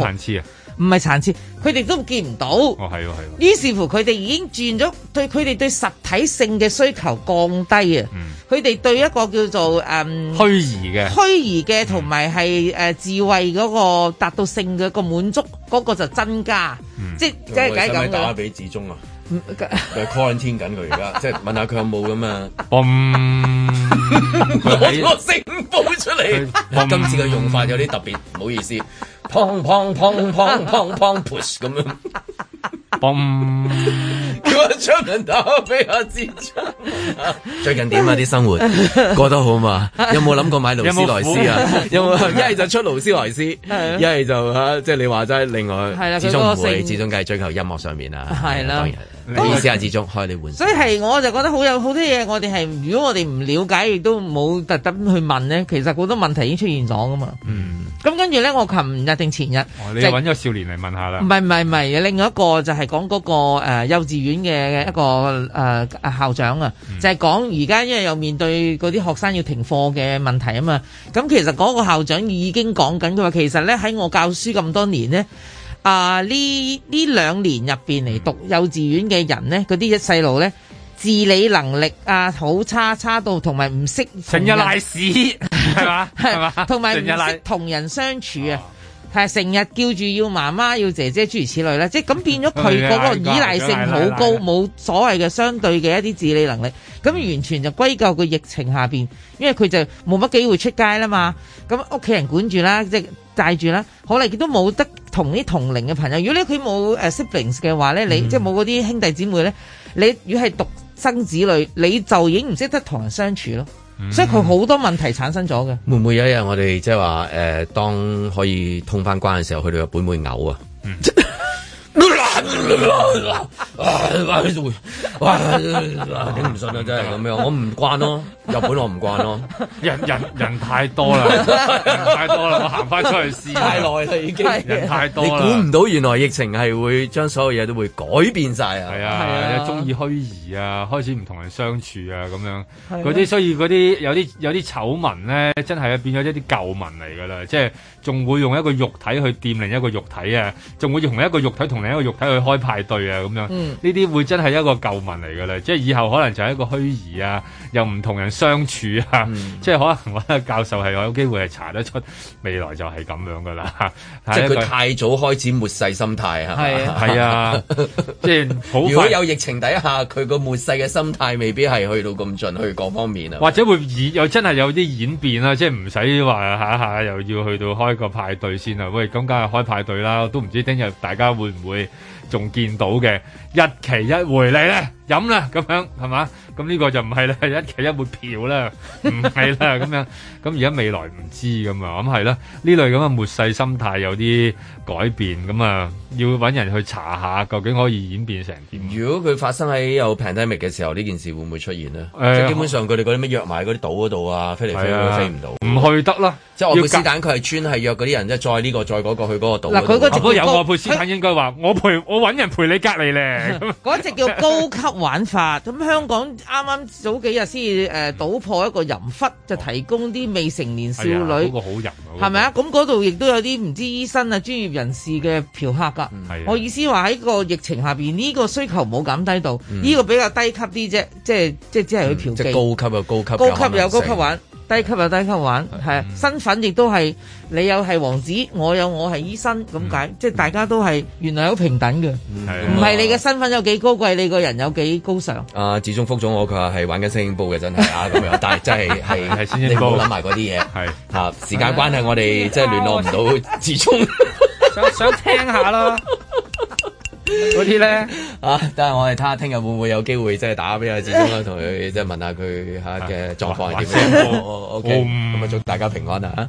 唔係殘缺，佢哋都見唔到。哦，係、啊啊啊、於是乎，佢哋已經轉咗對佢哋對實體性嘅需求降低啊。佢、嗯、哋對一個叫做誒虛擬嘅虛擬嘅同埋係誒智慧嗰個達到性嘅個滿足嗰個就增加。嗯、即係即係即係。我新買打俾子忠啊。佢係 contain 緊佢而家，即 係 問下佢有冇咁啊？ 我個聲報出嚟， 今次嘅用法有啲特別，唔好意思，pong pong pong pong pong push 咁樣，嘭！叫我出面打開俾我支出。最近點啊？啲生活過得好嘛？有冇諗過買勞斯萊斯啊？有冇一係就出勞斯萊斯，一 係 是就吓，即 係你話齋，另外始終唔會 始終梗係追求音樂上面啊，係啦。嗯，當然意思係之中，開你玩笑。所以係，我就覺得好有好多嘢，我哋係如果我哋唔了解，亦都冇特登去問咧。其實好多問題已經出現咗噶嘛。嗯。咁跟住咧，我琴日定前日、哦，你揾咗個少年嚟問下啦。唔係唔係唔係，另外一個就係講嗰個、呃、幼稚園嘅一個誒、呃、校長啊，嗯、就係講而家因為又面對嗰啲學生要停課嘅問題啊嘛。咁其實嗰個校長已經講緊，佢話其實咧喺我教書咁多年咧。啊！呢呢兩年入面嚟讀、嗯、幼稚園嘅人呢，嗰啲一細路呢，自理能力啊好差，差到同埋唔識成日賴屎，係 嘛？係嘛？同埋唔識同人相處啊，係成日叫住要媽媽要姐姐諸如此類啦，即係咁變咗佢嗰個依賴性好高，冇 所謂嘅相對嘅一啲自理能力，咁完全就歸咎個疫情下邊，因為佢就冇乜機會出街啦嘛，咁屋企人管住啦，即係。帶住啦，可能亦都冇得同啲同齡嘅朋友。如果你佢冇誒 siblings 嘅話咧，你、mm -hmm. 即係冇嗰啲兄弟姊妹咧，你如果係獨生子女，你就已經唔識得同人相處咯。Mm -hmm. 所以佢好多問題產生咗嘅。會唔會有一日我哋即係話誒，當可以通翻關嘅時候，佢哋會唔會嘔啊？Mm -hmm. 你唔信啊？真係咁樣，我唔慣咯，日本我唔慣咯，人人人太多啦，太多啦，我行翻出去試。太耐啦已經，人太多啦。你估唔到原來疫情係會將所有嘢都會改變晒啊！係啊，係啊，中意虛擬啊，開始唔同人相處啊，咁樣嗰啲、啊，所以嗰啲有啲有啲醜聞咧，真係啊變咗一啲舊聞嚟噶啦，即係仲會用一個肉體去掂另一個肉體啊，仲會用一個肉體同另一個肉體。去開派對啊，咁樣呢啲會真係一個舊聞嚟噶啦，即係以後可能就係一個虛擬啊，又唔同人相處啊，嗯、即係可能，我覺得教授係有機會係查得出未來就係咁樣噶啦，即係佢太早開始末世心態啊，係啊， 即係好。如果有疫情底下，佢個末世嘅心態未必係去到咁盡，去各方面啊，或者會演有真係有啲演變啦，即係唔使話下下又要去到開個派對先啊，喂，咁梗係開派對啦，我都唔知聽日大家會唔會？仲見到嘅一期一回嚟咧，飲啦，咁樣係嘛？咁呢個就唔係啦，一期一會票啦，唔係啦咁樣。咁而家未來唔知咁啊，咁係啦。呢類咁嘅末世心態有啲改變咁啊，要揾人去查下，究竟可以演變成點？如果佢發生喺有平底物嘅時候，呢件事會唔會出現咧？誒、哎，基本上佢哋嗰啲咩約埋嗰啲島嗰度啊，飛嚟飛去、哎、飛唔到，唔去得啦。即係外斯坦佢係專係約嗰啲人，即係再呢、這個再嗰、那個、個去嗰個島。嗱、那個，佢嗰隻如果有外佩斯坦應該話我陪我揾人陪你隔離咧。嗰 隻 叫高級玩法，咁香港。啱啱早幾日先誒倒破一個淫窟，哦，就提供啲未成年少女，係、哎、那個、好人，係咪啊？咁嗰度亦都有啲唔知醫生啊專業人士嘅嫖客㗎。我意思話喺個疫情下面，呢、呢個需求冇減低到，呢、嗯呢個比較低級啲啫，即係即係只係去嫖妓，嗯、高級啊高級高級有高級玩。低級又低級玩，係身份亦都係你有係王子，我有我係醫生咁解，即大家都係原來好平等嘅，唔係你嘅身份有幾高貴，你個人有幾高尚。阿志聰覆咗我，佢話係玩緊《星報》嘅真係啊，咁樣，但係真係係 你唔諗埋嗰啲嘢，係啊，時間關係我哋 真係聯絡唔到志聰 想想聽下啦。 嗰啲咧啊，等我哋睇下，聽日會唔會有機會即係打俾阿志忠啦，同佢即係問下佢下嘅狀況係點樣。O K，咁啊祝大家平安啊！